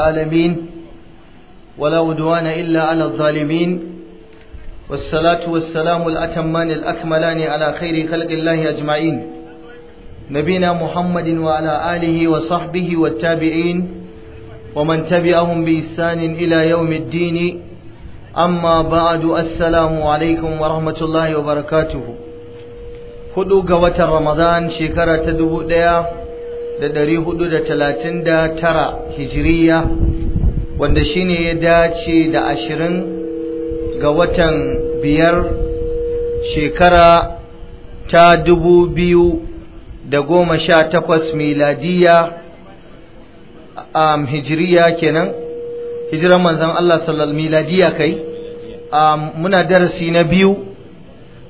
العالمين ولا عدوان إلا على الظالمين والصلاة والسلام الأتمان الأكملان على خير خلق الله أجمعين نبينا محمد وعلى آله وصحبه والتابعين ومن تبعهم بإحسان إلى يوم الدين أما بعد السلام عليكم ورحمة الله وبركاته خذوا قوة رمضان شكرة دبو da ɗari hudu da talatin da tara hijiriya wanda shine ya dace da ashirin ga watan biyar shekara ta dubu biyu da goma sha takwas miladiya um, hijiriya kenan hijiran manzan Allah sallallahu miladiya kai muna darasi na biyu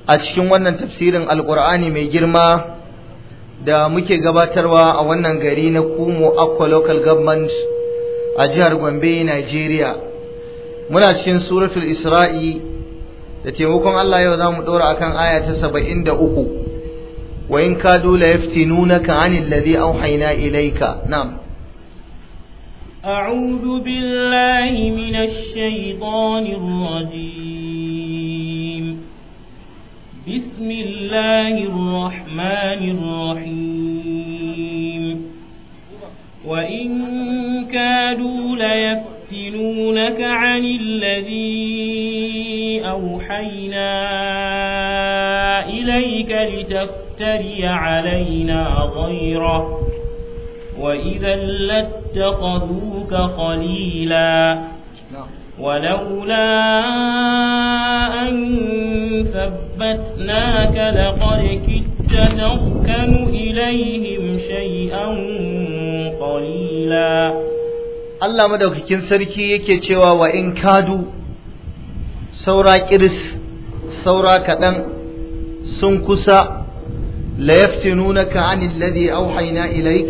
a cikin wannan tafsirin alkur'ani mai girma da muke gabatarwa a wannan gari na kumo aqua local government a jihar gombe nigeria muna cikin suratul isra'i da taimakon allah yau za mu ɗora akan aya ta saba'in da uku wa in ka dula yafti nuna ka anil ladhi auhaina ilaika nam أعوذ بالله من الشيطان الرجيم بسم الله الرحمن الرحيم وإن كادوا ليفتنونك عن الذي أوحينا إليك لتفتري علينا غيره وإذا لاتخذوك خليلا نعم. ولولا أن ثبتناك لقد كدت تركن إليهم شيئا قليلا Allah madaukakin sarki yake cewa wa in kadu saura kiris saura kaɗan sun kusa la yaftinunaka anil ladhi awhayna ilaik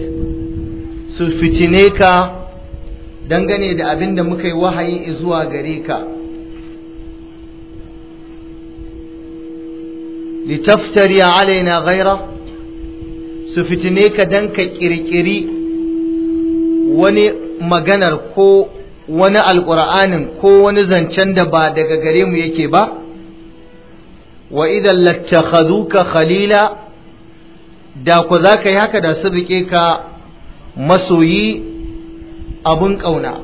su fitine ka dangane da abin da muka yi wahayi zuwa gare ka litaftari alaina gaira su fitine ka dan ka kirkiri wani maganar ko wani alƙur'anin ko wani zancen da ba daga gare mu yake ba wa idan lattakhaduka khalila da ku za ka yi haka da su rike ka masoyi abun ƙauna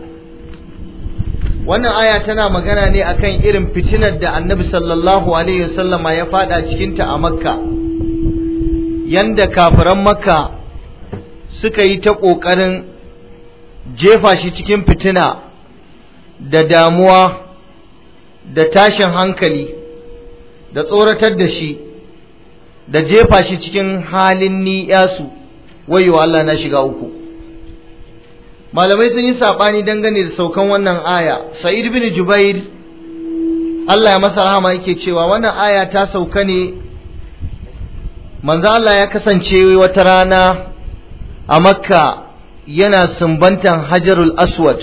wannan aya tana magana ne akan irin fitinar da annabi sallallahu alaihi wasallama ya fada cikinta a makka yanda kafiran makka suka yi ta ƙoƙarin jefa shi cikin fitina da damuwa da tashin hankali da tsoratar da shi da jefa shi cikin halin ni'yasu wayo Allah na shiga uku malamai sun yi saɓani dangane da saukan wannan aya sa'id bin jubair Allah ya masa rahama yake cewa wannan aya ta sauka ne manzo Allah ya kasance wata rana a makka yana sumbantan hajarul aswad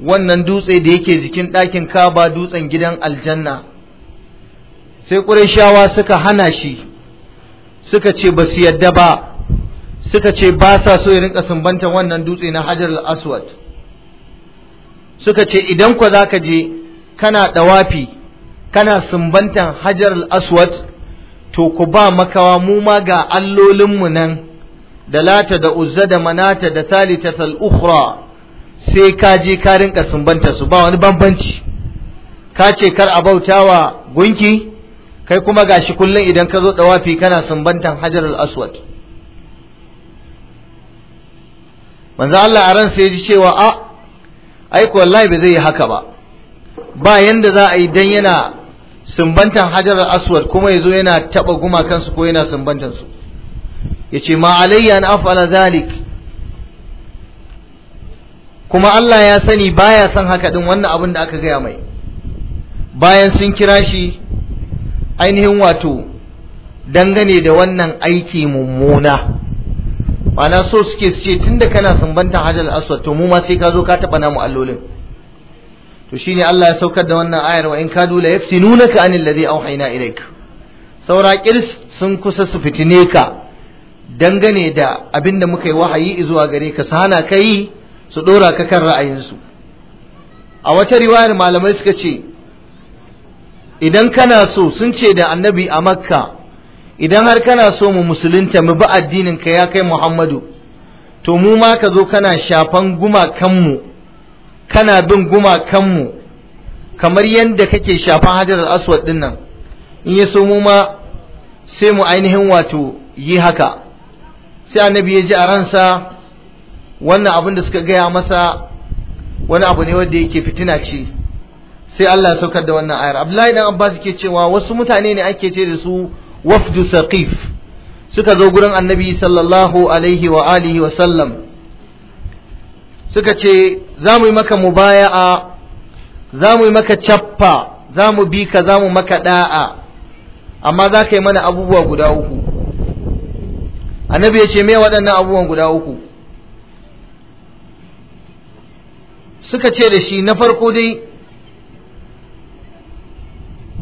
wannan dutse da yake jikin ɗakin kaba dutsen gidan aljanna sai ƙurashawa suka hana shi suka ce ba su yadda ba suka ce ba sa so ya rinka sumbantan wannan dutse na hajar aswad suka ce idan kwa za ka je kana ɗawafi kana sumbantan hajar aswad to ku ba makawa mu ma ga allolinmu nan da lata da uzza da manata da talita al sai ka je ka rinka sumbanta su ba wani bambanci ka ce kar a bauta wa gunki kai kuma gashi kullum idan ka zo ɗawafi kana sumbantan hajar aswad manzo Allah a ransa ya ji cewa a ah, ai ko wallahi bai zai yi haka ba ba yanda za a yi dan yana sumbantan hajar aswad kuma yazo yana taba gumakansu ko yana sumbantan su yace ma alayya an af'ala zalik kuma Allah ya sani baya son haka din wannan abin da aka gaya mai bayan sun kira shi ainihin wato dangane da wannan aiki mummuna ma'ana so suke su ce tunda kana sumbanta hajjal aswad to mu ma sai ka zo ka taba namu allolin to shi ne Allah ya saukar da wannan ayar wa in kadu la yaftinunaka anil ladhi awhayna ilayka saura kirs sun kusa su fitine ka dangane da abin da muka yi wahayi zuwa gare ka sana yi su ɗora ka kan ra'ayinsu a wata riwayar malamai suka ce idan kana so sun ce da annabi a makka idan har kana so mu musulunta mu bi addinin ka ya kai Muhammadu to mu ma ka zo kana shafan gumakanmu kana bin gumakanmu kamar yadda kake shafan hajar aswad din nan in ya so mu ma sai mu ainihin wato yi haka sai annabi ya ji a ransa wannan abin da suka gaya masa wani abu ne wanda yake fitina ce sai Allah ya saukar da wannan ayar Abdullahi dan Abbas yake cewa wasu mutane ne ake ce da su وفد ثقيف suka zo gurin annabi sallallahu alaihi wa alihi wa sallam suka ce za mu yi maka mubaya'a za mu yi maka cappa za mu bi ka za mu maka da'a amma za ka yi mana abubuwa guda uku annabi ya ce me waɗannan abubuwan guda uku suka ce da shi na farko dai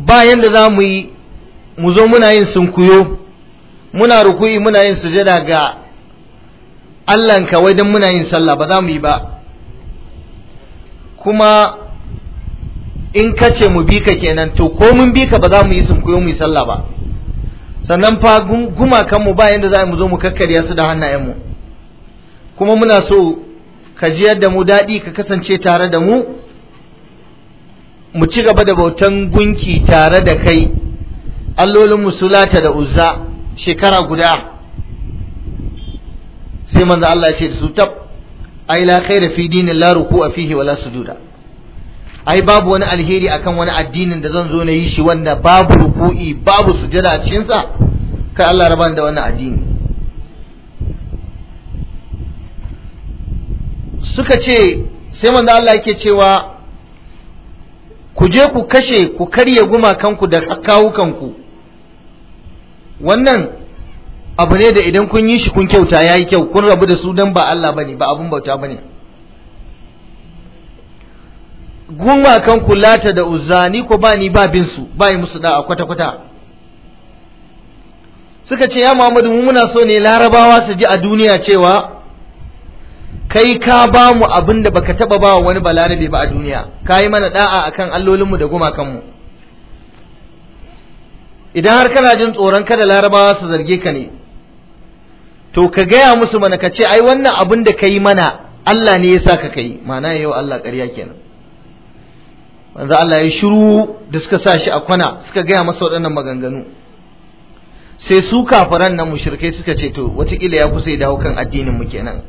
bayan da za mu yi mu zo muna yin sunkuyo muna ruku'i muna yin sujada ga Allahnka wai don muna yin sallah ba za mu yi ba kuma in ka ce mu bi ka kenan to ko mun bika ka ba za mu yi sunkuyo mu yi sallah ba sannan fa gumakanmu ba yadda za mu zo mu kakkarya su da hannayenmu kuma muna so ka ji yadda mu daɗi ka kasance tare da mu mu ci gaba da bautan gunki tare da kai allolin musulata da uzza shekara guda sai manzo Allah ya ce da su tab ai la khaira fi dinin la ruku'a fihi wala sujuda ai babu wani alheri akan wani addinin da zan zo na yi shi wanda babu ruku'i babu sujada a cikin sa kai Allah raban da wannan addini suka ce sai manzo Allah yake cewa ku je ku kashe ku karye gumakanku da kawukanku wannan abu ne da idan kun yi shi kun kyauta ya yi kyau kun rabu da su don ba Allah ba ne ba abun bauta ba ne gumakan kulata da uzani ko ba ni ba bin su ba yi musu da'a kwata-kwata suka ce ya muhammadu mu muna so ne larabawa su ji a duniya cewa kai ka ba mu abin da baka taba ba wani balarabe ba a duniya ka yi mana da'a akan allolinmu da gumakanmu idan har kana jin tsoron kada larabawa su zarge ka ne to ka gaya musu mana ka ce ai wannan abin da ka yi mana Allah ne ya sa ka kai ma'ana yau Allah ƙarya kenan Wanzu Allah ya shiru da suka sa shi a kwana suka gaya masa waɗannan maganganu sai su kafiran nan mushrikai suka ce to watakila ya kusa ya dawo kan addinin mu kenan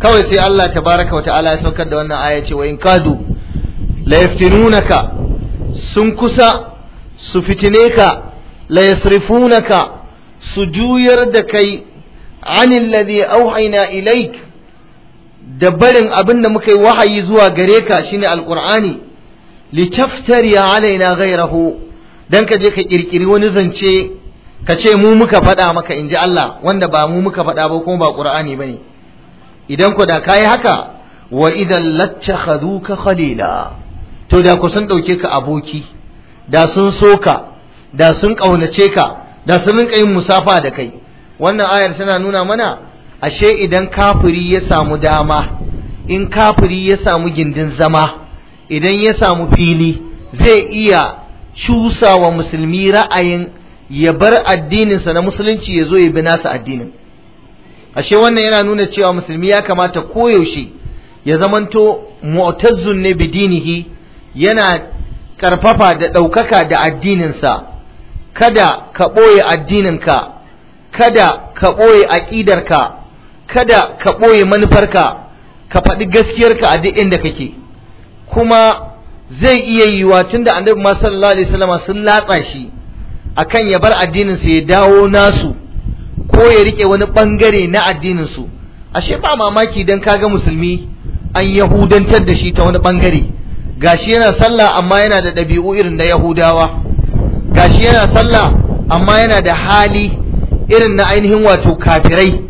kawai sai Allah tabaraka wa ta'ala ya saukar da wannan aya ce wa in kadu la yaftinunaka sun kusa su fitine ka la yasrifunaka su juyar da kai anil ladhi auhaina ilaik da barin abin da muka yi wahayi zuwa gare ka shine alqur'ani litaftari alaina ghayrahu dan ka je ka kirkiri wani zance ka ce mu muka faɗa maka inji Allah wanda ba mu muka faɗa ba kuma ba qur'ani bane idan ku da kai haka wa idan lattakhaduka khalila to da ku sun dauke ka aboki da sun soka da sun ƙaunace ka da sun rinka yin musafa da kai wannan ayar tana nuna mana ashe idan kafiri ya samu dama in kafiri ya samu gindin zama idan ya samu fili zai iya cusa wa musulmi ra'ayin ya bar addininsa na musulunci ya zo ya bi nasa addinin ashe wannan yana nuna cewa musulmi ya kamata koyaushe ya zamanto mu'tazzun ne bidinihi yana karfafa da ɗaukaka da addininsa kada ka ɓoye addininka kada ka ɓoye aƙidarka kada ka ɓoye manufarka ka faɗi gaskiyarka a duk inda kake kuma zai iya yiwa tunda annabi ma sallallahu alaihi wasallama sun latsa shi akan ya bar addinin sa ya dawo nasu ko ya rike wani bangare na addinin su ashe ba mamaki dan kaga musulmi an yahudantar da shi ta wani bangare gashi yana sallah amma yana da ɗabi'u irin da yahudawa gashi yana sallah amma yana da hali irin na ainihin wato kafirai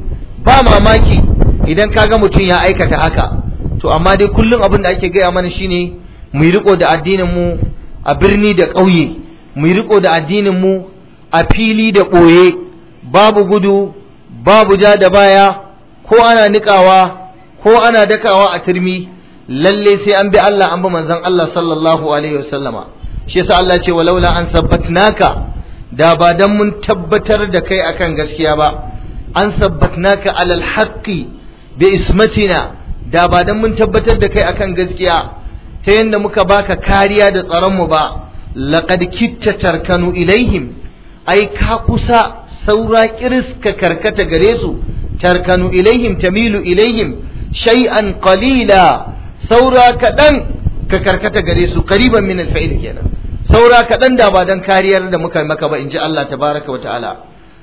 ba mamaki idan kaga mutum ya aikata haka to amma dai kullum abin da ake gaya mana shine mu yi riko da addinin mu a birni da ƙauye mu yi riko da addinin mu a fili da ɓoye babu gudu babu ja da baya ko ana niƙawa ko ana dakawa a turmi lalle sai an bi Allah an bi manzon Allah sallallahu alaihi wasallama shi yasa Allah ce walaula an sabbatnaka da ba dan mun tabbatar da kai akan gaskiya ba an sabbatnaka alal haqqi bi ismatina da ba dan mun tabbatar da kai akan gaskiya ta yanda muka baka kariya da tsaron mu ba laqad kitta tarkanu ilaihim ai ka kusa saura kiris karkata gare su tarkanu ilaihim tamilu ilaihim shay'an qalila saura kaɗan ka karkata gare su qariban min alfa'il kenan saura kaɗan da ba don kariyar da muka maka ba in ji Allah tabaraka wa ta'ala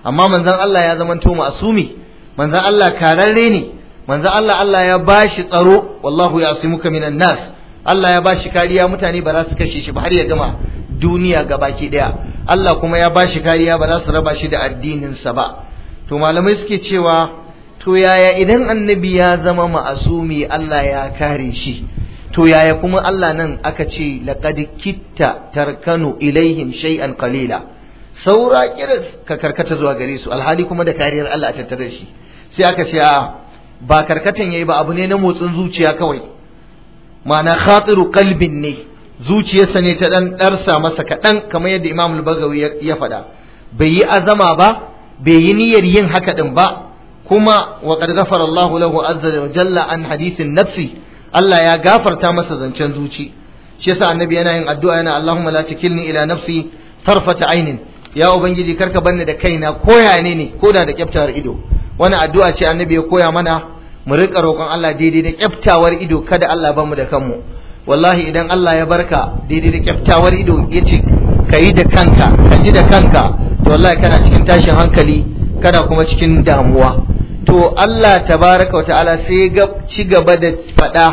amma manzan Allah ya zamanto ma'asumi manzan Allah kararre ne manzan Allah Allah ya bashi tsaro wallahu ya ya'simuka minan nas Allah ya bashi kariya mutane ba za su kashe shi ba har ya gama duniya gabaki ɗaya, Allah kuma ya bashi kariya ba za su raba shi da addininsa ba to malamai suke cewa to yaya idan annabi ya zama ma'asumi Allah ya kare shi to yaya kuma Allah nan aka ce laqad kitta tarkanu ilaihim shay'an qalila saura kiris ka karkata zuwa gare su alhali kuma da kariyar Allah a tattare shi sai aka ce a ba karkatan yayi ba abu ne na motsin zuciya kawai ma'ana khatiru qalbin ne zuciyarsa ne ta dan darsa masa kaɗan kamar yadda imam al-bagawi ya faɗa bai yi azama ba bai yi niyyar yin haka din ba kuma wa gafar Allahu lahu azza wa jalla an hadisin nafsi Allah ya gafarta masa zancen zuci shi yasa annabi yana yin addu'a yana Allahumma la takilni ila nafsi tarfata ainin ya ubangiji karka banni da kaina koya ne ne koda da kyaftawar ido wani addu'a ce annabi ya koya mana mu riƙa roƙon Allah daidai da kyaftawar ido kada Allah mu da kanmu wallahi idan Allah ya barka daidai da kyaftawar ido ya ce ka yi da kanka ka ji da kanka to wallahi kana cikin tashin hankali kana kuma cikin damuwa to Allah tabaraka wata'ala sai ya ci gaba da faɗa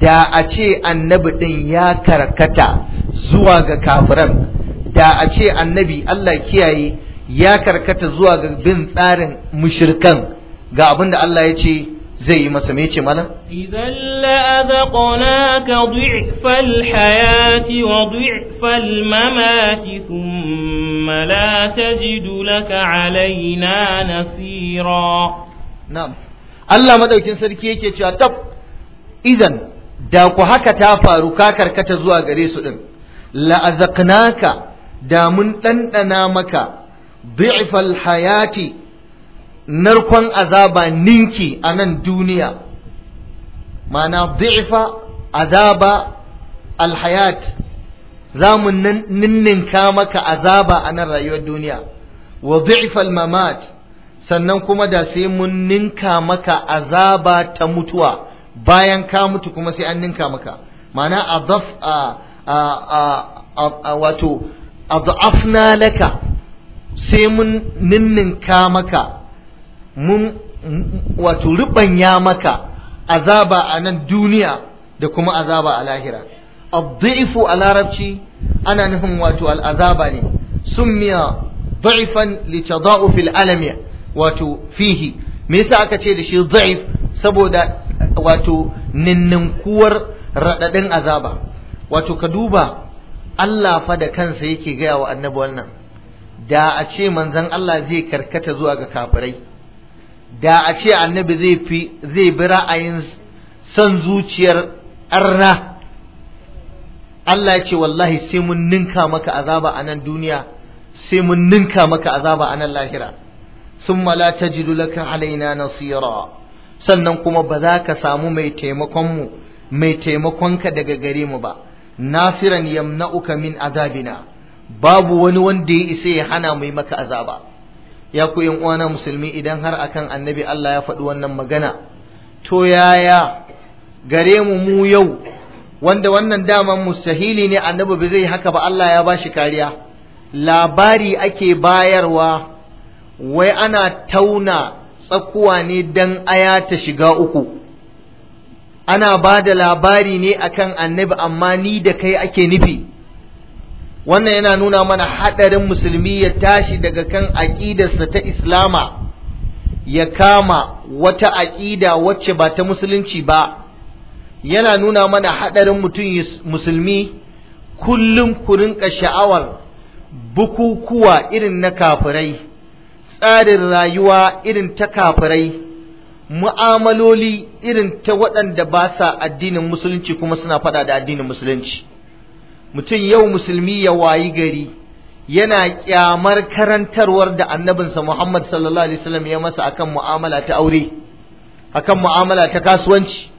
da a ce annabi ɗin ya karkata zuwa ga kafiran da a ce annabi Allah kiyaye ya karkata zuwa ga bin tsarin mushirkan ga abin da Allah ya ce zai yi masa mece mana? Idan la'adakonaka du'fal hayati wa du'fal mamati thumma la tajidu laka alaina nasira. na'am Allah maɗaukin sarki yake cewa tab idan da ku haka ta faru ka karkata zuwa gare su din la da mun ɗanɗana maka dhi'fal hayati narkon azaba ninki a nan duniya ma'ana dhi'fa azaba alhayat za mu ninninka maka azaba a nan rayuwar duniya wa dhi'fal mamat sannan kuma da sai mun ninka maka azaba ta mutuwa bayan ka mutu kuma sai an ninka maka ma'ana adaf a wato adafna laka sai mun ninninka maka mun wato rubanya maka azaba a nan duniya da kuma azaba a lahira adi'fu a larabci ana nufin wato al'azaba ne summiya ضعفا لتضاؤف الألم wato fihi me yasa aka ce da shi zaif saboda wato ninninkuwar raɗaɗin azaba wato ka duba Allah fa da kansa yake gaya wa annabi wannan da a ce manzon Allah zai karkata zuwa ga kafirai da a ce annabi zai fi zai bi ra'ayin san zuciyar arna Allah ya ce wallahi sai mun ninka maka azaba a nan duniya sai mun ninka maka azaba a nan lahira thumma la tajidu laka alaina nasira sannan kuma ba za ka samu mai taimakon mu mai taimakonka daga gare mu ba nasiran yamna'uka min azabina babu wani wanda ya isa ya hana mai maka azaba ya ku yan uwana musulmi idan har akan annabi Allah ya faɗi wannan magana to yaya gare mu mu yau wanda wannan daman mustahili ne annabi ba zai haka ba Allah ya bashi kariya labari ake bayarwa wai ana tauna tsakuwa ne dan aya ta shiga uku ana ba da labari ne akan annabi amma ni da kai ake nufi wannan yana nuna mana haɗarin musulmi ya tashi daga kan aƙidarsa ta islama ya kama wata aƙida wacce ba ta musulunci ba yana nuna mana haɗarin mutum musulmi kullum ku sha'awar bukukuwa irin na kafirai tsarin rayuwa irin ta kafirai mu'amaloli irin ta waɗanda ba sa addinin musulunci kuma suna faɗa da addinin musulunci mutum yau musulmi ya wayi gari yana kyamar karantarwar da annabinsa Muhammad sallallahu alaihi wasallam ya masa akan mu'amala ta aure akan mu'amala ta kasuwanci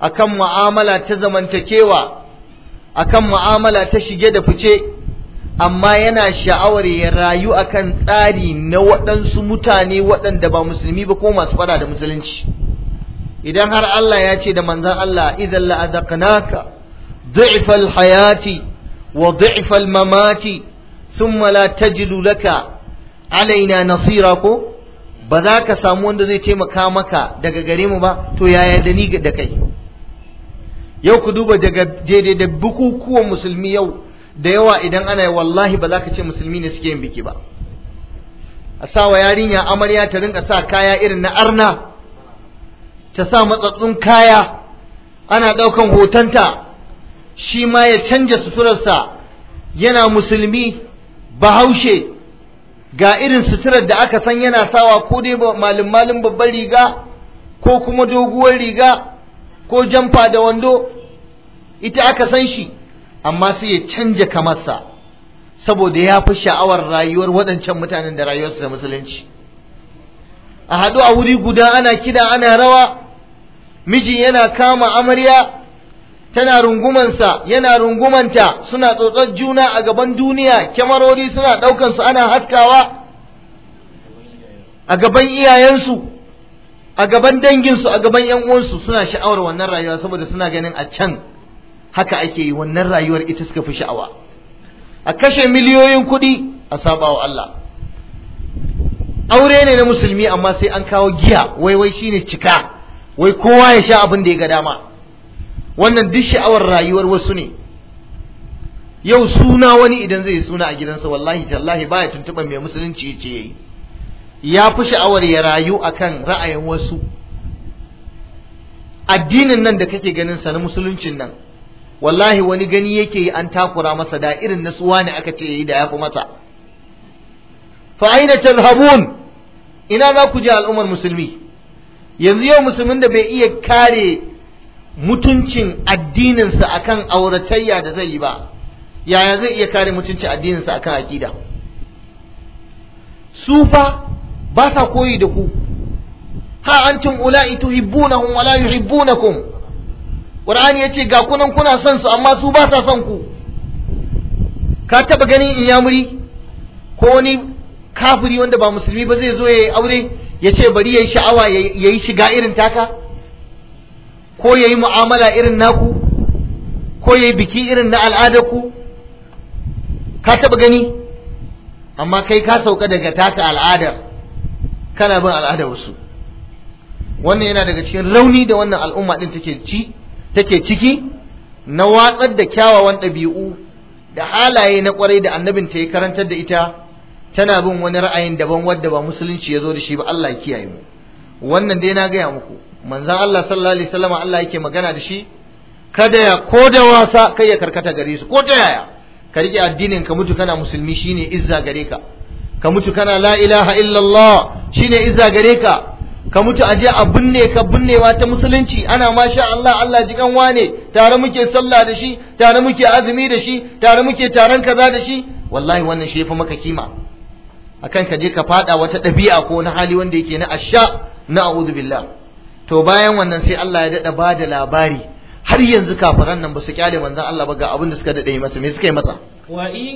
akan mu'amala ta zamantakewa akan mu'amala ta shige da fice amma yana sha'awar ya rayu akan tsari na waɗansu mutane waɗanda ba musulmi ba ko masu fada da musulunci idan har Allah ya ce da manzan Allah idan la'adaqnaka du'ifal hayati wa du'ifal mamati sun la tajidu laka alaina nasira ko ba za ka samu wanda zai taimaka maka daga gare mu ba to yaya da ni da kai yau ku duba daga daidai da bukukuwan musulmi yau da yawa idan ana yi wallahi ba za ka ce musulmi ne suke yin biki ba a sa wa yarinya amarya ta rinka sa kaya irin na arna ta sa matsatsun kaya ana ɗaukan hotonta shi ma ya canja suturarsa yana musulmi bahaushe ga irin suturar da aka san yana sawa ko dai malin malin babban riga ko kuma doguwar riga ko jamfa da wando ita aka san shi amma sai ya canja kamarsa saboda ya fi sha'awar rayuwar waɗancan mutanen da rayuwarsu da musulunci a haɗu a wuri guda ana kida ana rawa miji yana kama amarya tana rungumansa yana rungumanta suna tsotsar juna a gaban duniya kyamarori suna ɗaukansu ana haskawa a gaban iyayensu a gaban danginsu a gaban yan'uwansu suna sha'awar wannan rayuwa saboda suna ganin a can haka ake yi wannan rayuwar ita suka fi sha'awa a kashe miliyoyin kuɗi a saba wa Allah aure ne na musulmi amma sai an kawo giya wai wai shine cika wai kowa ya sha abin da ya ga dama wannan duk sha'awar rayuwar wasu ne yau suna wani idan zai suna a gidansa wallahi tallahi baya tuntuɓar mai musulunci ce yayi ya fi sha'awar ya rayu akan ra'ayin wasu addinin nan da kake ganin sa na musuluncin nan wallahi wani gani yake yi an takura masa da irin nasuwa ne aka ce yi da ya fi mata fa aina tazhabun ina za ku je al'ummar musulmi yanzu yau musulmin da bai iya kare mutuncin addininsa akan auratayya da zai yi ba yaya zai iya kare mutuncin addininsa akan aqida su fa ba sa koyi da ku ha antum ula'i tuhibbunahum wa la yuhibbunakum Qur'ani yace ga kunan kuna son su amma su ba sa son ku ka taba ya inyamuri ko wani kafiri wanda ba musulmi ba zai zo ya yi aure ya ce bari ya yi sha'awa ya yi shiga irin taka ko ya yi mu'amala irin naku ko ya yi biki irin na al'adar ku ka taba gani amma kai ka sauka daga taka al'adar kana bin al'adar wasu wannan yana daga cikin rauni da wannan al'umma din take ci take ciki na watsar da kyawawan ɗabi'u da halaye na ƙwarai da annabin ta yi karantar da ita tana bin wani ra'ayin daban wadda ba musulunci ya zo da shi ba Allah ya kiyaye mu wannan dai na gaya muku manzan Allah sallallahu alaihi wasallam Allah yake magana da shi kada ya ko da wasa kai ya karkata gare su ko ta yaya ka rike addinin ka mutu kana musulmi shine izza gare ka ka mutu kana la ilaha illallah shine izza gare ka ka mutu aje a binne ka binnewa ta musulunci ana masha Allah Allah jikan wane tare muke sallah da shi tare muke azumi da shi tare muke taron kaza da shi wallahi wannan shi fa maka kima akan ka je ka fada wata ɗabi'a ko na hali wanda yake na asha na a'udhu billah to bayan wannan sai Allah ya dada bada labari har yanzu kafiran nan ba su kyale manzon Allah ba ga abin da suka dade masa me suka yi masa وإن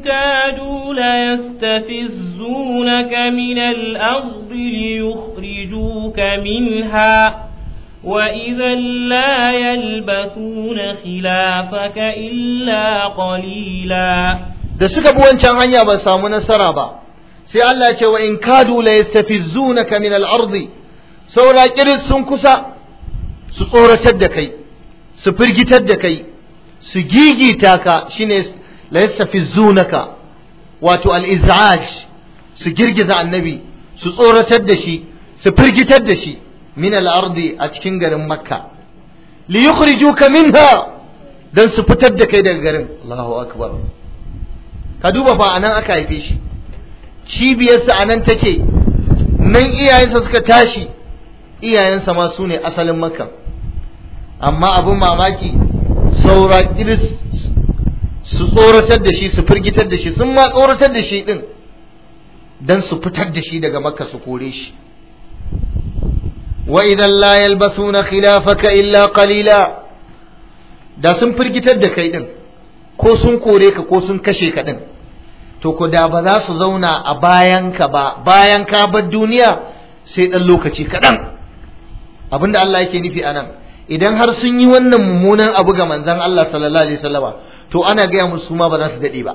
كادوا ليستفزونك من الأرض ليخرجوك منها وإذا لا يلبثون خلافك إلا قليلا da suka bi wancan hanya ba samu nasara ba sai Allah ya ce wa in kadu la yastafizunaka min al-ardi saura kiris sun kusa su tsoratar da kai su firgitar da kai su gigita ka shine la yastafizunaka wato al su girgiza annabi su tsoratar da shi su firgitar da shi min al-ardi a cikin garin makka li yukhrijuka minha dan su fitar da kai daga garin Allahu akbar ka duba fa anan aka haife shi cibiyarsa anan take nan iyayensa suka tashi iyayensa ma su ne asalin makka amma abin mamaki saura kiris su tsoratar da shi su firgitar da shi sun ma tsoratar da shi din dan su fitar da shi daga makka su kore shi wa idan la yalbasuna khilafaka illa qalila da sun firgitar da kai din ko sun kore ka ko sun kashe ka din to ko da ba za su zauna a bayan ka ba bayan ka bar duniya sai dan lokaci kaɗan abinda Allah yake nufi anan idan har sun yi wannan mummunan abu ga manzon Allah sallallahu alaihi wasallam to ana gaya musu ma ba za su daɗe ba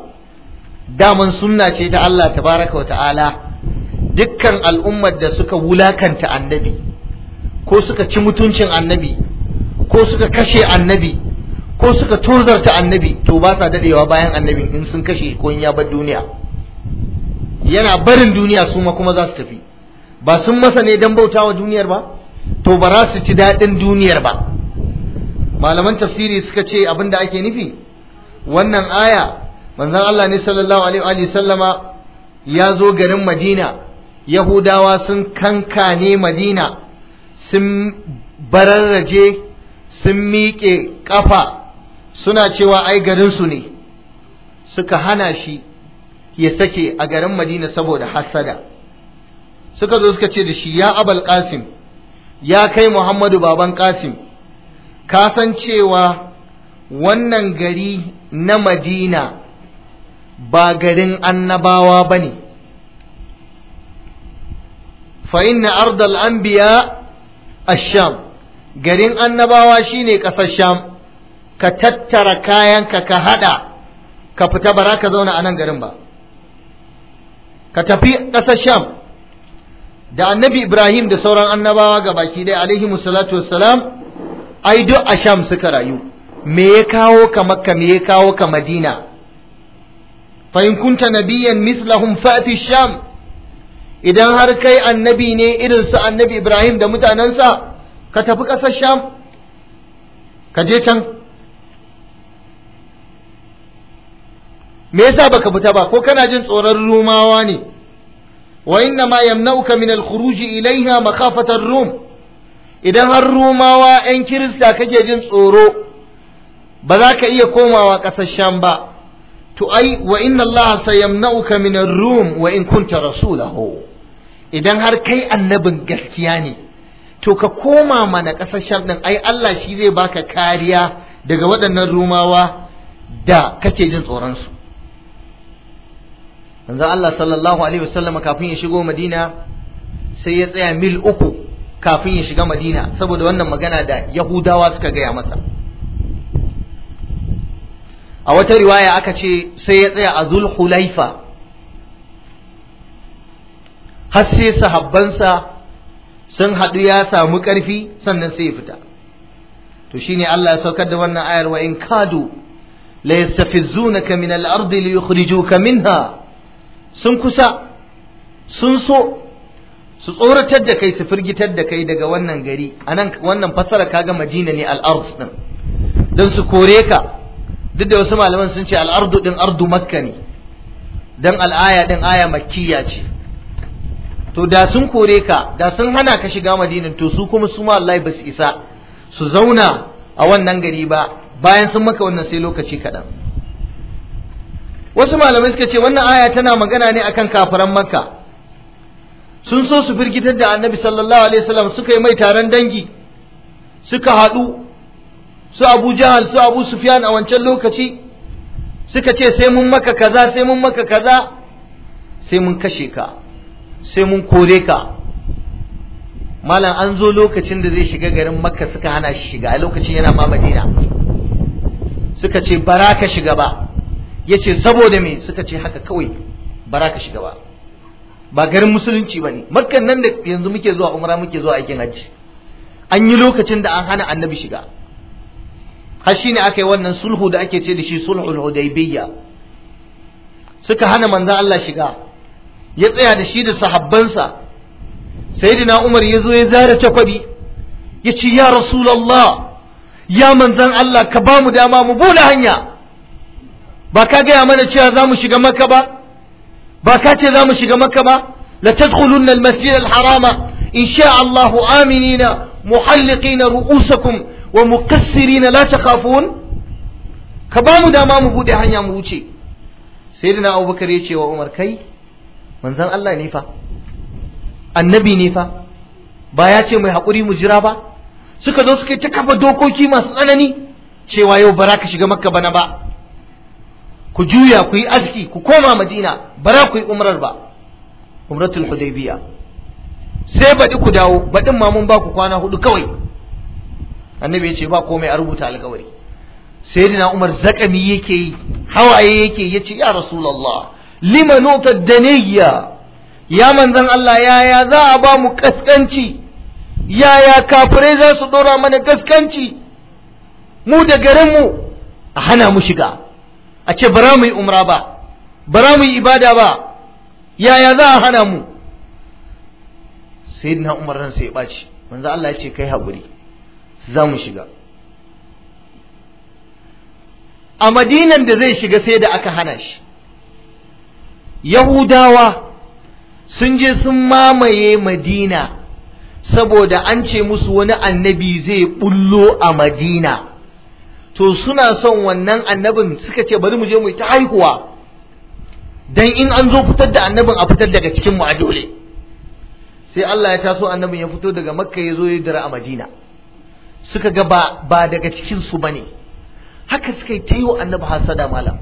daman sunna ce ta Allah tabaraka wa ta'ala dukkan al'ummar da suka wulakanta annabi ko suka ci mutuncin annabi ko suka kashe annabi ko suka turzarta annabi to ba sa dadewa bayan annabin in sun kashe ko in ya bar duniya yana barin duniya su ma kuma za su tafi ba sun masa ne bauta bautawa duniyar ba to ba za su ci daɗin duniyar ba malaman tafsiri suka ce abin da ake nufi wannan aya manzon Allah ne sallallahu alaihi wa sallama ya zo garin Madina Yahudawa sun kankane Madina sun bararraje sun miƙe ƙafa suna cewa ai garinsu ne suka hana shi ya sake a garin Madina saboda hasada suka zo suka ce da shi ya abal qasim ya kai Muhammadu baban qasim ka san cewa wannan gari na madina ba garin annabawa ba ne fa'in na ardal an biya a sham garin annabawa shine ƙasar sham ka tattara kayanka ka haɗa ka fita bara ka zauna a nan garin ba ka tafi ƙasar sham da annabi ibrahim da sauran annabawa ga baki ɗaya alaihi salatu wassalam ai duk a sham suka rayu me ya kawo ka makka me ya kawo ka madina fa kunta nabiyyan mislahun fati sham idan har kai annabi ne irin su annabi ibrahim da mutanensa ka tafi ƙasar sham ka je can me yasa baka fita ba ko kana jin tsoron rumawa ne wa inna ma yamna'uka min al-khuruj ilayha rum idan har rumawa 'yan kirista kake jin tsoro ba za ka iya komawa ƙasar ba to ai wa inna allaha sayamna'uka min ar-rum wa in kunta rasulahu idan har kai annabin gaskiya ne to ka koma mana ƙasashen sham din ai Allah shi zai baka kariya daga waɗannan rumawa da kake jin tsoron su manzo Allah sallallahu alaihi wasallam kafin ya shigo Madina sai ya tsaya mil uku kafin ya shiga Madina saboda wannan magana da Yahudawa suka gaya masa a wata riwaya aka ce sai ya tsaya a zulhulaifa har sai sahabbansa sun haɗu ya samu ƙarfi sannan sai ya fita to shine Allah ya saukar da wannan ayar wa in kadu la yastafizunaka min al-ardi li yukhrijuka minha sun kusa sun so su tsoratar da kai su firgitar da kai daga wannan gari anan wannan fasara kaga Madina ne al-ard din dan su kore ka duk da wasu malaman sun ce al'ardu din ardu makka ne dan al'aya din aya makkiya ce to da sun kore ka da sun hana ka shiga madinin to su kuma su ma Allah ba su isa su zauna a wannan gari ba bayan sun maka wannan sai lokaci kaɗan wasu malamai suka ce wannan aya tana magana ne akan kafiran makka sun so su firgitar da annabi sallallahu alaihi wasallam suka yi mai taron dangi suka haɗu su abu jahal su abu sufyan a wancan lokaci suka ce sai mun maka kaza sai mun maka kaza sai mun kashe ka sai mun kore ka malam an zo lokacin da zai shiga garin makka suka hana shi shiga a lokacin yana ma madina suka ce bara ka shiga ba ya ce saboda me suka ce haka kawai bara ka shiga ba ba garin musulunci ba ne makkan nan da yanzu muke zuwa umra muke zuwa aikin hajji an yi lokacin da an hana annabi shiga har shine aka yi wannan sulhu da ake ce da shi sulhul hudaybiyya suka hana manzon Allah shiga ya tsaya da shi da sahabbansa sayyidina Umar ya zo ya zara takwabi ya ce ya rasulullah ya manzon Allah ka ba mu dama mu bude hanya ba ka gaya mana cewa za mu shiga makka ba ba ka ce za mu shiga makka ba la tadkhulunna al-masjid al-harama in sha Allahu aminina muhalliqina ru'usakum wa na la takhafun ka ba mu dama mu bude hanya mu wuce sayyidina abubakar ya ce wa umar kai manzon Allah ne fa annabi ne fa ba ya ce mai haƙuri mu jira ba suka zo suka ta kafa dokoki masu tsanani cewa yau bara ka shiga makka bana ba ku juya ku yi aski ku koma madina bara ku yi umrar ba umratul hudaybiya sai baɗi ku dawo baɗin ma mun ba ku kwana hudu kawai annabi ya ce ba komai a rubuta alkawari dina umar zakami yake yi hawaye yake ya ce ya rasulallah. lima nota daniyya ya manzan Allah yaya za a ba mu kaskanci yaya kafirai za su dora mana gaskanci mu da garinmu a hana mu shiga a ce bara mu yi umra ba bara mu yi ibada ba yaya za a hana mu sai umar ran sai ya ɓaci manzo Allah ya ce kai hakuri. za mu shiga a madinan da zai shiga sai da aka hana shi yahudawa sun je sun mamaye madina saboda an ce musu wani annabi zai bullo a madina to suna son wannan annabin suka ce bari mu je mu ta haihuwa dan in an zo fitar da annabin a fitar daga cikin mu a dole sai Allah ya taso annabin ya fito daga makka ya zo ya dara a madina suka ga ba ba daga cikin su ne, haka suka yi ta yi wa annabi hasada malam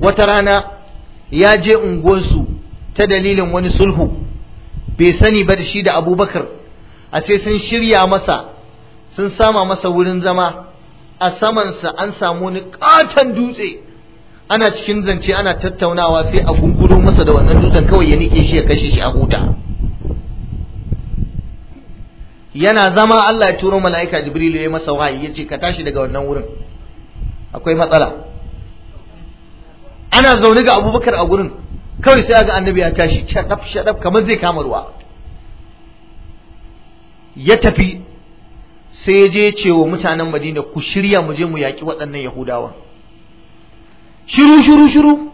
wata rana ya je unguwarsu ta dalilin wani sulhu bai sani ba da shi da abubakar a sai sun shirya masa sun sama masa wurin zama a saman sa an samu wani ƙaton dutse ana cikin zance ana tattaunawa sai a gunguru masa da wannan dutsen kawai ya nike shi ya kashe shi a huta yana zama Allah ya turo mala'ika Jibril ya masa wahayi ya ce ka tashi daga wannan wurin akwai matsala ana zaune ga abubakar a gurin kawai sai ga annabi ya tashi shaɗaf shaɗaf kamar zai kama ruwa ya tafi sai ya je ce wa mutanen madina ku shirya mu je mu yaƙi waɗannan yahudawa shiru shiru shiru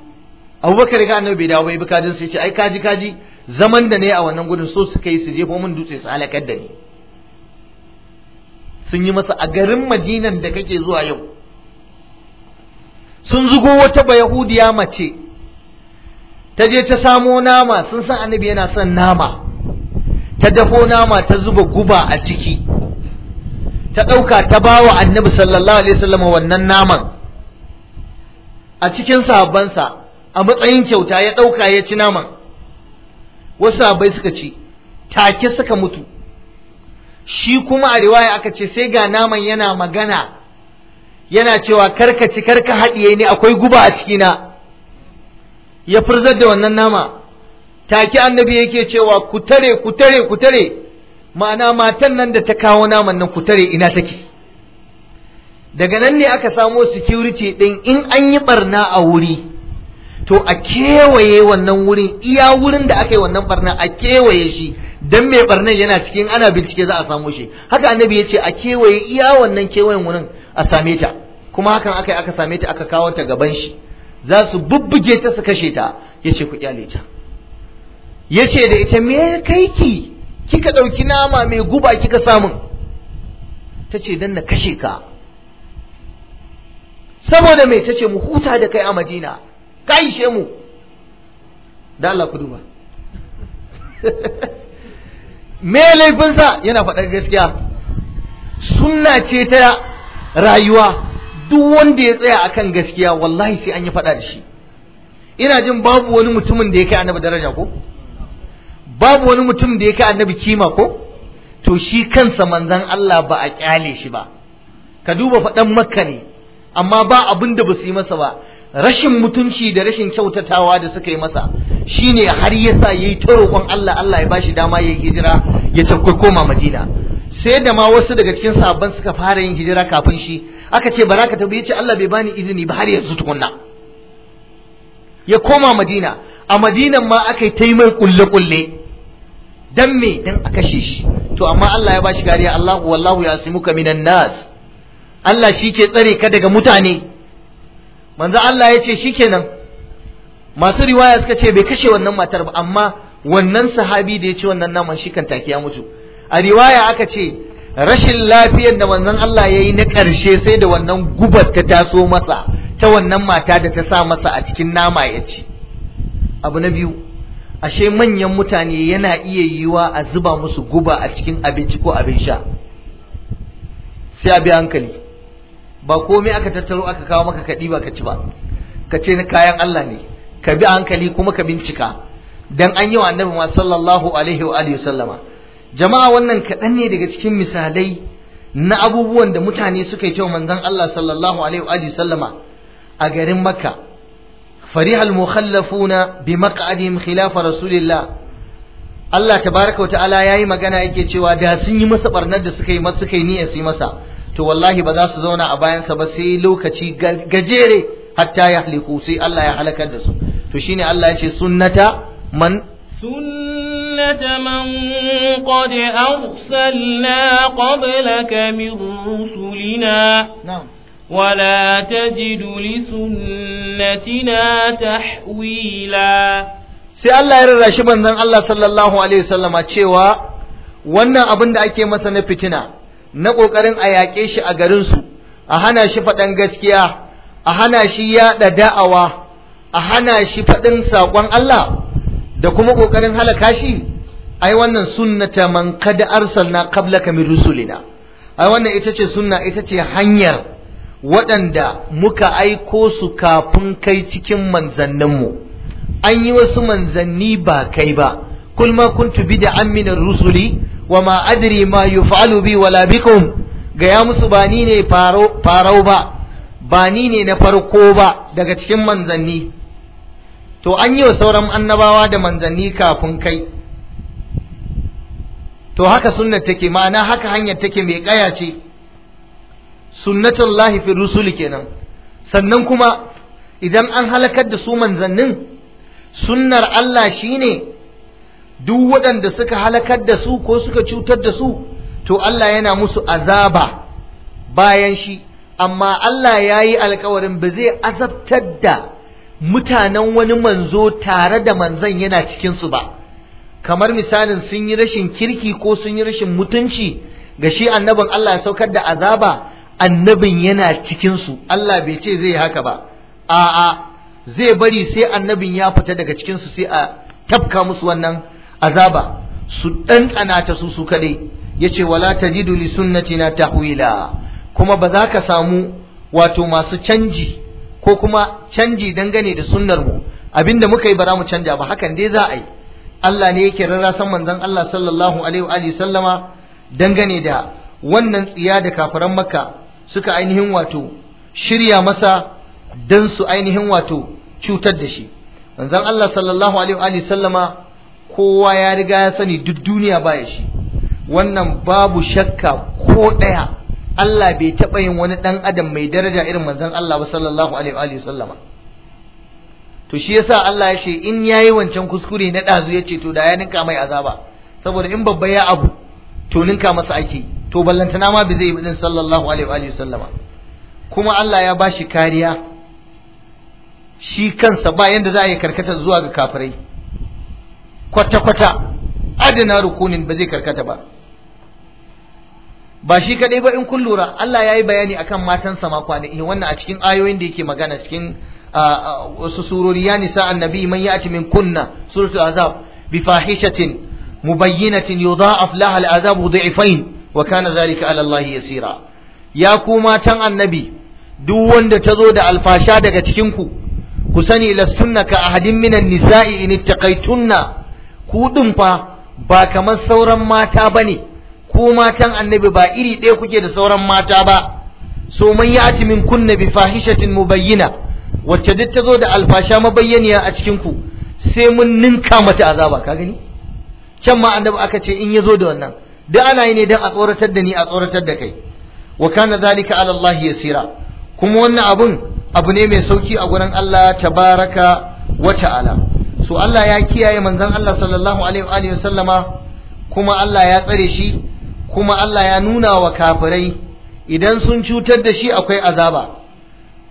abubakar ga annabi bai dawo bai bi kajin sai ce ai kaji kaji zaman da ne a wannan gudun so suka yi su jefo mun dutse su halakar da ni sun yi masa a garin madinan da kake zuwa yau sun zugo wata bayahudiya mace ta je ta samo nama sun san annabi yana son nama ta dafo nama ta zuba guba a ciki ta ɗauka ta bawa annabi sallallahu alaihi wasallam wannan naman a cikin sahabbansa a matsayin kyauta ya ɗauka ya ci naman wasu sahabbai suka ci take suka mutu shi kuma a riwaya aka ce sai ga naman yana magana yana cewa karka ci karka haɗiye ni akwai guba a cikina ya furzar da wannan nama take annabi yake cewa ku tare ku tare ku tare ma'ana matan nan da ta kawo naman nan ku tare ina take daga nan ne aka samo security din in an yi barna a wuri to a kewaye wannan wurin iya wurin da aka yi wannan barna a kewaye shi dan mai barnan yana cikin ana bincike za a samu shi haka annabi yace a kewaye iya wannan kewayen wurin a same ta kuma hakan aka aka same ta aka kawo ta gaban shi za su bubbuge ta su kashe ta ya ku kyale ta ya da ita me kai ki kika ɗauki nama mai guba kika samu ta dan na kashe ka saboda me tace mu huta da kai a madina ka ishe mu da Allah ku duba me laifinsa yana faɗar gaskiya Suna ce ta rayuwa duk wanda ya tsaya akan gaskiya wallahi sai an yi faɗa da shi ina jin babu wani mutumin da ya kai annabi daraja ko babu wani mutum da ya kai annabi kima ko to shi kansa manzan Allah ba a kyale shi ba ka duba faɗan makka ne amma ba abin da ba su yi masa ba rashin mutunci da rashin kyautatawa da suka yi masa shine har yasa yayi ta roƙon Allah Allah ya ba shi dama yayi hijira ya tafi koma Madina sai da ma wasu daga cikin sabon suka fara yin hijira kafin shi aka ce baraka ya yace Allah bai bani izini ba har yanzu tukunna ya koma Madina a Madinan ma aka yi ta mai kulle kulle dan me dan a kashe shi to amma Allah ya bashi gariya, Allah wallahu yasimuka minan nas Allah shi ke tsare ka daga mutane manzo Allah ya ce shikenan masu riwaya suka ce bai kashe wannan matar ba amma wannan sahabi da ya ci wannan naman shi kan take ya mutu a riwaya aka ce rashin lafiyar da manzon Allah ya yi na ƙarshe sai da wannan gubar ta taso masa ta wannan mata da ta sa masa a cikin nama ya ci abu na biyu ashe manyan mutane yana iya yiwa a zuba musu guba a cikin abinci ko abin sha sai a bi hankali ba komai aka tattaro aka kawo maka kaɗi ba ka ci ba ka ce ni kayan Allah ne ka bi hankali kuma ka bincika dan an yi wa annabi ma sallallahu alaihi wa alihi sallama jama'a wannan kaɗan ne daga cikin misalai na abubuwan da mutane suka yi ta manzon Allah sallallahu alaihi wa alihi sallama a garin Makka farihal mukhallafuna bi maq'adihim khilafa rasulillah Allah tabaraka wa ta'ala yayi magana yake cewa da sun yi masa barnar da suka yi masa suka yi niyyar su yi masa to wallahi ba za su zauna a bayansa ba sai lokaci gajere hatta ya haliku sai Allah ya halakar da su to shine Allah ya ce sunnata man sunnata man qad arsalna qablaka min rusulina na'am ولا تجد لسنتنا تحويلا sai Allah ya rarrashi manzon Allah sallallahu alaihi wasallama cewa wannan abin da ake masa na fitina na ƙoƙarin a yaƙe shi a garinsu a hana shi faɗin gaskiya a hana shi yaɗa da'awa a hana shi faɗin saƙon Allah da kuma ƙoƙarin halaka shi ai wannan sunnata man kada arsalna qablaka min rusulina ai wannan ita ce sunna ita ce hanyar waɗanda muka aiko su kafin kai cikin manzanninmu an yi wasu manzanni ba kai ba Kulma kuntu da an minar rusuli wa ma adri ma yuf'alu bi wala bikum ya musu ba ni ne farau ba bani ne na farko ba daga cikin manzanni to an yi wa sauran annabawa da manzanni kafin kai to haka sunnar take ma'ana haka hanyar take mai kaya ce sunnatullahi fi rusuli kenan sannan kuma idan an halakar da su manzannin sunnar Allah shine duk waɗanda suka halakar da su ko suka cutar da su to Allah yana musu azaba bayan shi amma Allah ya yi alkawarin ba zai azabtar da mutanen wani manzo tare da manzan yana cikinsu ba kamar misalin sun yi rashin kirki ko sun yi rashin mutunci ga shi annabin Allah ya saukar da azaba annabin yana cikinsu Allah bai ce zai haka ba a'a zai bari sai annabin ya fita daga cikinsu sai a tafka musu wannan azaba su ɗanɗana ta su su kaɗai ya ce wala ta jidu sunnati ta tahwila kuma ba za ka samu wato masu canji ko kuma canji dangane da sunnar mu abinda muka yi ba za mu canja ba hakan dai za a yi Allah ne yake rarrasan manzon Allah sallallahu alaihi wa sallama dangane da wannan tsiya da kafiran makka suka ainihin wato shirya masa dan su ainihin wato cutar da shi manzon Allah sallallahu alaihi wa sallama kowa ya riga ya sani duk duniya baya shi wannan babu shakka ko ɗaya Allah bai taɓa yin wani ɗan adam mai daraja irin manzon Allah ba sallallahu alaihi wa sallama to shi yasa Allah ya ce in yayi wancan kuskure na ɗazu ya ce to da ya ninka mai azaba saboda in babba ya abu to ninka masa ake to ballantana ma bai zai yi din sallallahu alaihi wa sallama kuma Allah ya bashi kariya shi kansa ba yanda za a yi karkata zuwa ga kafirai kwata-kwata adana rukunin ba zai karkata ba ba shi kadai ba in kun lura Allah ya yi bayani akan matansa ma kwanaki wannan a cikin ayoyin da yake magana cikin wasu surori ya nisa annabi man ati min kunna suratul azab bi fahishatin mubayyinatin yudha'af laha azab, dhi'fain wa kana zalika 'ala Allah yasira ya ku matan annabi duk wanda ta zo da alfasha daga cikin ku ku sani lastunna ka ahadin minan nisa'i in ittaqaytunna ku ɗin fa ba kamar sauran mata ba ne ku matan annabi ba iri ɗaya kuke da sauran mata ba so man ya'ti min kunna bi fahishatin mubayyina wacce duk ta zo da alfasha mabayyaniya a cikin ku sai mun ninka mata azaba ka gani can ma annabi aka ce in ya zo da wannan duk ana yi ne don a tsoratar da ni a tsoratar da kai wa kana zalika ala Allah yasira kuma wannan abun abu ne mai sauki a gurin Allah Ta-baraka wa ta'ala so Allah ya kiyaye manzon Allah sallallahu alaihi wa sallama kuma Allah ya tsare shi kuma Allah ya nuna wa kafirai idan sun cutar da shi akwai azaba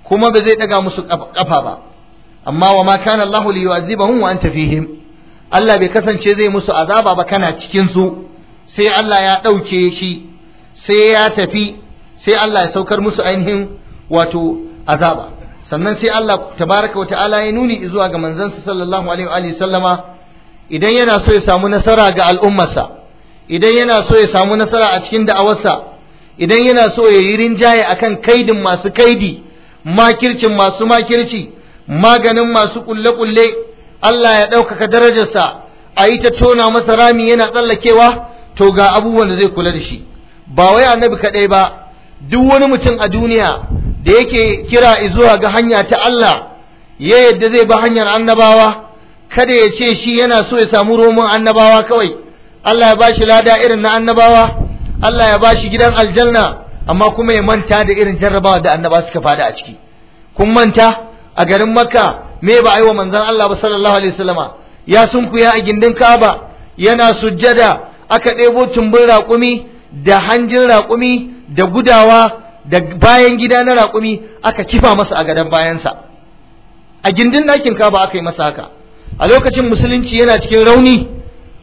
kuma ba zai daga musu kafa ba amma wa ma kana Allahu li yu'azzibahum wa anta fihim Allah bai kasance zai musu azaba ba kana cikin su sai Allah ya dauke shi sai ya tafi sai Allah ya saukar musu ainihin wato azaba sannan sai Allah tabaraka wa ta'ala ya nuni zuwa ga manzansa sallallahu alaihi wa sallama idan yana so ya samu nasara ga al'ummarsa idan yana so ya samu nasara a cikin da'awarsa idan yana so ya yi rinjaye akan kaidin masu kaidi makircin masu makirci maganin masu kulle-kulle Allah ya ɗaukaka darajarsa a yi ta tona masa rami yana tsallakewa to ga abubuwan da zai kula da shi ba wai annabi kaɗai ba duk wani mutum a duniya da yake kira zuwa ga hanya ta Allah ya yadda zai ba hanyar annabawa kada ya ce shi yana so ya samu romon annabawa kawai Allah ya bashi lada irin na annabawa Allah ya bashi gidan aljanna amma kuma ya manta da irin jarrabawa da annaba suka fada a ciki kun manta a garin makka me ba aiwa manzon Allah ba sallallahu alaihi wasallama ya sunkuya a gindin Ka'aba yana sujjada aka ɗebo tumbin raƙumi da hanjin raƙumi da gudawa da bayan gida na raƙumi aka kifa masa a gadon bayansa a gindin ɗakin kaba aka yi masa haka a lokacin musulunci yana cikin rauni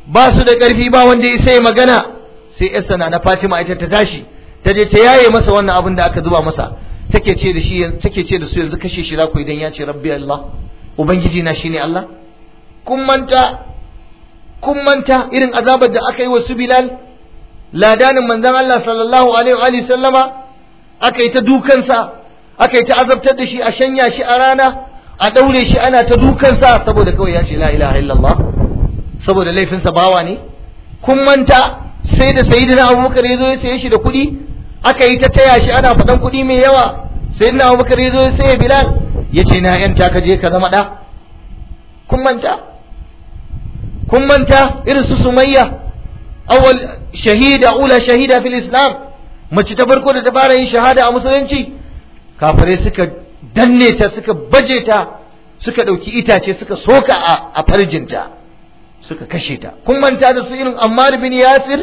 ba su da ƙarfi ba wanda ya sai magana sai yarsa na Fatima ita ta tashi ta je ta yaye masa wannan abin da aka zuba masa take ce da shi take ce da su yanzu kashe shi za ku idan ya ce rabbi Allah ubangiji na shine Allah kun manta kun manta irin azabar da aka yi wa su Bilal ladanin manzon Allah sallallahu alaihi wa sallama aka yi ta dukansa aka yi ta azabtar da shi a shanya shi a rana a daure shi ana ta dukansa saboda kawai ya ce la ilaha illallah saboda laifinsa bawa ne kun manta sai da sayyidina abubakar ya zo ya saye shi da kuɗi aka yi ta taya shi ana faɗan kuɗi mai yawa sayyidina abubakar ya zo ya saye bilal ya ce na yanta ka je ka zama ɗa kun manta kun manta irin su sumayya awal shahida ula shahida fil islam mace ta farko da ta fara yin shahada a musulunci kafare suka danne ta suka baje ta suka ɗauki itace suka soka a farjinta suka kashe ta kun manta da su irin ammar bin yasir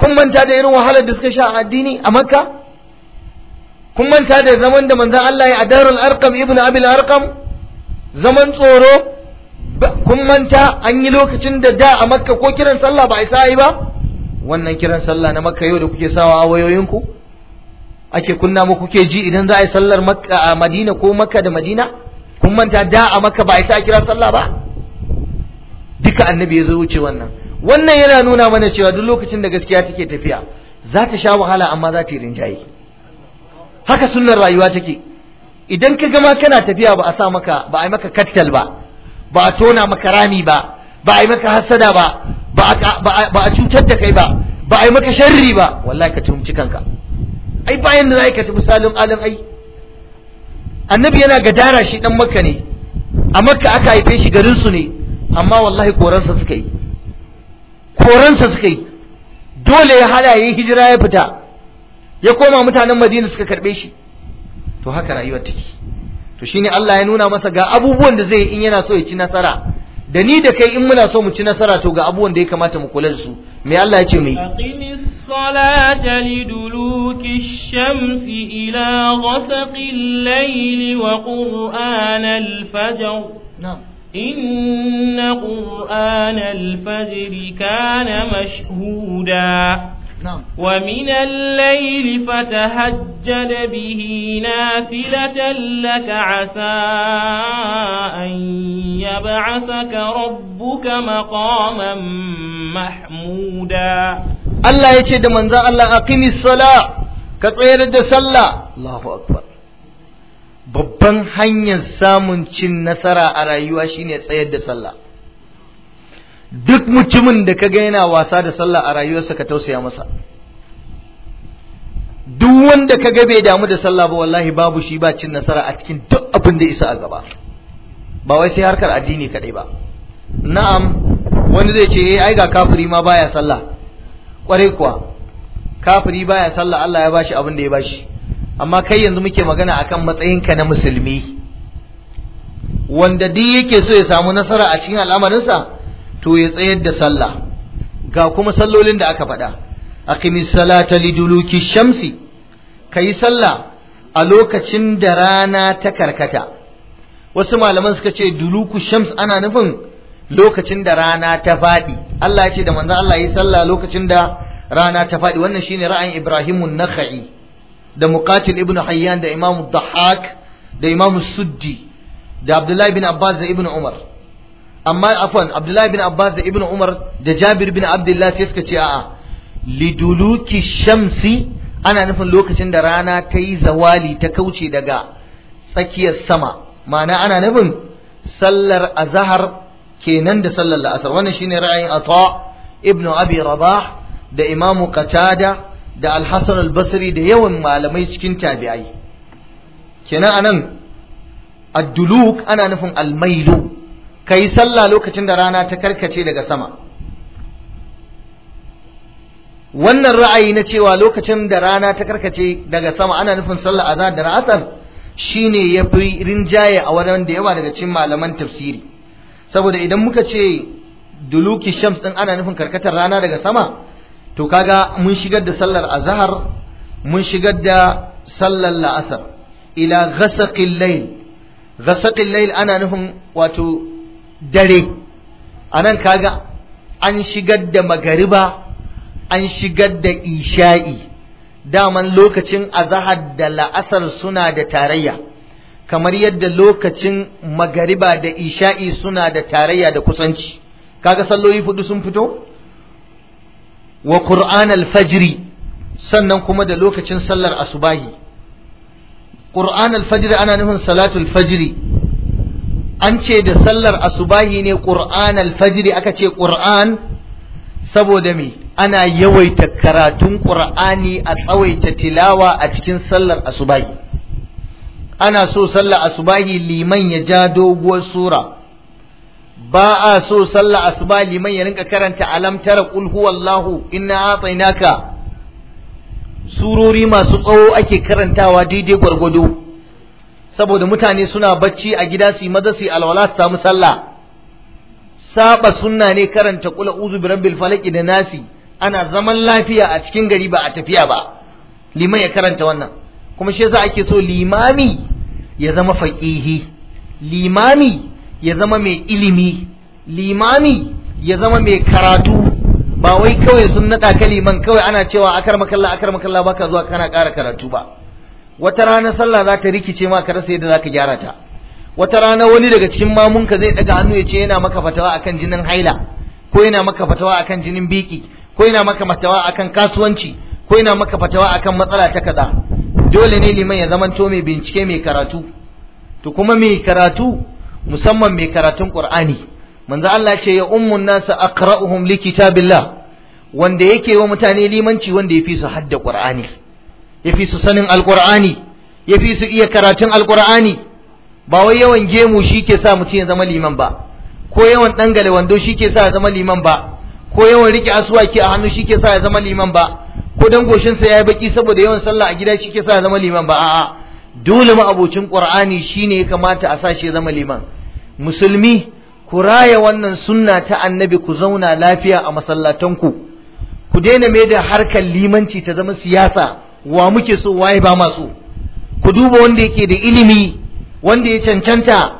kun manta da irin wahalar da suka sha a addini a makka kun manta da zaman da manzon Allah ya adarul arqam ibnu abil arqam zaman tsoro kun manta an yi lokacin da da a makka ko kiran sallah ba a yi ba wannan kiran sallah na makka yau da kuke sawa a wayoyinku ake kunna mu kuke ji idan za a yi sallar makka a madina ko makka da madina kun manta da a makka ba a sa kira sallah ba duka annabi ya zo wuce wannan wannan yana nuna mana cewa duk lokacin da gaskiya take tafiya za ta sha wahala amma za ta yi rinjaye haka sunnar rayuwa take idan ka gama kana tafiya ba a sa maka ba a yi maka kattal ba ba a tona maka rami ba ba a yi maka hasada ba ba a cutar da kai ba ba a yi maka sharri ba wallahi ka tumci kanka ai bayan da za ka ci misalin alam ai annabi yana gadara shi dan makka ne a makka aka haife shi garin su ne amma wallahi koransa suka yi koransa suka yi dole ya hala ya hijira ya fita ya koma mutanen madina suka karbe shi to haka rayuwar take to shine Allah ya nuna masa ga abubuwan da zai yi in yana so ya ci nasara da ni da kai in muna so mu ci nasara to ga abubuwan da ya kamata mu kula da su me Allah ya ce mu yi aqimis salata liduluki shamsi ila ghasaqil layli wa qur'anal fajr na'am inna qur'anal fajr kana mashhuda ومن الليل فتهجد به نافلة لك عسى أن يبعثك ربك مقاما محمودا الله يتشهد من ذا الله أقم الصلاة كطير دسلا الله أكبر babban hanyar samun cin nasara a rayuwa shine tsayar da sallah duk mutumin da ka ga yana wasa da sallah a rayuwarsa ka tausaya masa duk wanda ka ga bai damu da sallah ba wallahi babu shi ba cin nasara a cikin duk abin da isa a gaba ba wai sai harkar addini kadai ba na'am wani zai ce eh ai ga kafiri ma baya sallah kwarai kuwa kafiri baya sallah Allah ya bashi abin da ya bashi amma kai yanzu muke magana akan matsayinka na musulmi wanda duk yake so ya samu nasara a cikin al'amarinsa to ya tsayar da sallah ga kuma sallolin da aka faɗa aqimis salata liduluki shamsi kayi sallah a lokacin da rana ta karkata wasu malaman suka ce duluku shams ana nufin lokacin da rana ta faɗi Allah ya ce da manzon Allah yi sallah lokacin da rana ta faɗi wannan shine ra'ayin Ibrahimun Nakhai da Muqatil ibn Hayyan da Imam Dhahak da Imam Suddi da Abdullahi bin Abbas da Ibn Umar amma afwan abdullahi bin abbas da ibnu umar da jabir bin abdullah sai suka ce a'a liduluki shamsi ana nufin lokacin da rana ta yi zawali ta kauce daga tsakiyar sama ma'ana ana nufin sallar azahar kenan da sallar la'asar wannan shine ra'ayin ata ibnu abi rabah da imamu qatada da al-hasan al-basri da yawan malamai cikin tabi'ai kenan anan adduluk ana nufin almailu ka yi sallah lokacin da rana ta karkace daga sama wannan ra'ayi na cewa lokacin da rana ta karkace daga sama ana nufin sallah zahar da shi shine ya fi rinjaye a wurin da yawa daga cikin malaman tafsiri saboda idan muka ce duluki shams ɗin ana nufin karkatar rana daga sama to kaga mun shigar da sallar azhar mun shigar da sallar la'asar ila ghasaqil layl ghasaqil layl ana nufin wato dare a nan kaga an shigar da magariba an shigar da isha'i daman lokacin azahar da la'asar suna da tarayya kamar yadda lokacin magariba da isha'i suna da tarayya da kusanci kaga salloyi fudu sun fito wa qur'an al sannan kuma da lokacin sallar asubahi qur'an al ana nufin salatul fajiri an ce da sallar asubahi ne ƙur'an alfajiri aka ce ƙur'an saboda me ana yawaita karatun ƙur'ani a tsawaita tilawa a cikin sallar asubahi ana so sallar asubahi liman ya ja doguwar sura ba a so sallar asuba liman ya rinka karanta alam tara qul huwallahu inna atainaka surori masu tsawo ake karantawa daidai gwargwado saboda mutane suna bacci a gida su yi maza su yi alwala su samu sallah saba sunna ne karanta kula uzu bi rabbil falaki da nasi ana zaman lafiya a cikin gari ba a tafiya ba liman ya karanta wannan kuma shi yasa ake so limami ya zama faqihi limami ya zama mai ilimi limami ya zama mai karatu ba wai kawai sun naɗa kaliman kawai ana cewa akar makalla akar makalla baka zuwa kana ƙara karatu ba wata rana sallah za ta rikice ma ka rasa yadda za ka gyara ta wata rana wani daga cikin mamunka zai daga hannu ya ce yana maka fatawa akan jinin haila ko yana maka fatawa akan jinin biki ko yana maka fatawa akan kasuwanci ko yana maka fatawa akan matsala ta kaza dole ne liman ya zamanto mai bincike mai karatu to kuma mai karatu musamman mai karatun qur'ani manzo Allah ce ya ummun nasu aqra'uhum likitabillah wanda yake wa mutane limanci wanda ya fi su hadda qur'ani ya fi su sanin alkur'ani ya fi su iya karatun alkur'ani ba wai yawan gemu shi ke sa mutum ya zama liman ba ko yawan ɗangale wando shi ke sa ya zama liman ba ko yawan riƙe asuwaki a hannu shi ke sa ya zama liman ba ko dan goshinsa ya yi baki saboda yawan sallah a gida shi ke sa ya zama liman ba a'a dole ma'abocin qur'ani shine ya kamata a sa shi ya zama liman musulmi ku raya wannan sunna ta annabi ku zauna lafiya a masallatanku ku daina mai da harkar limanci ta zama siyasa wa muke so waye ba ma so ku duba wanda yake da ilimi wanda ya cancanta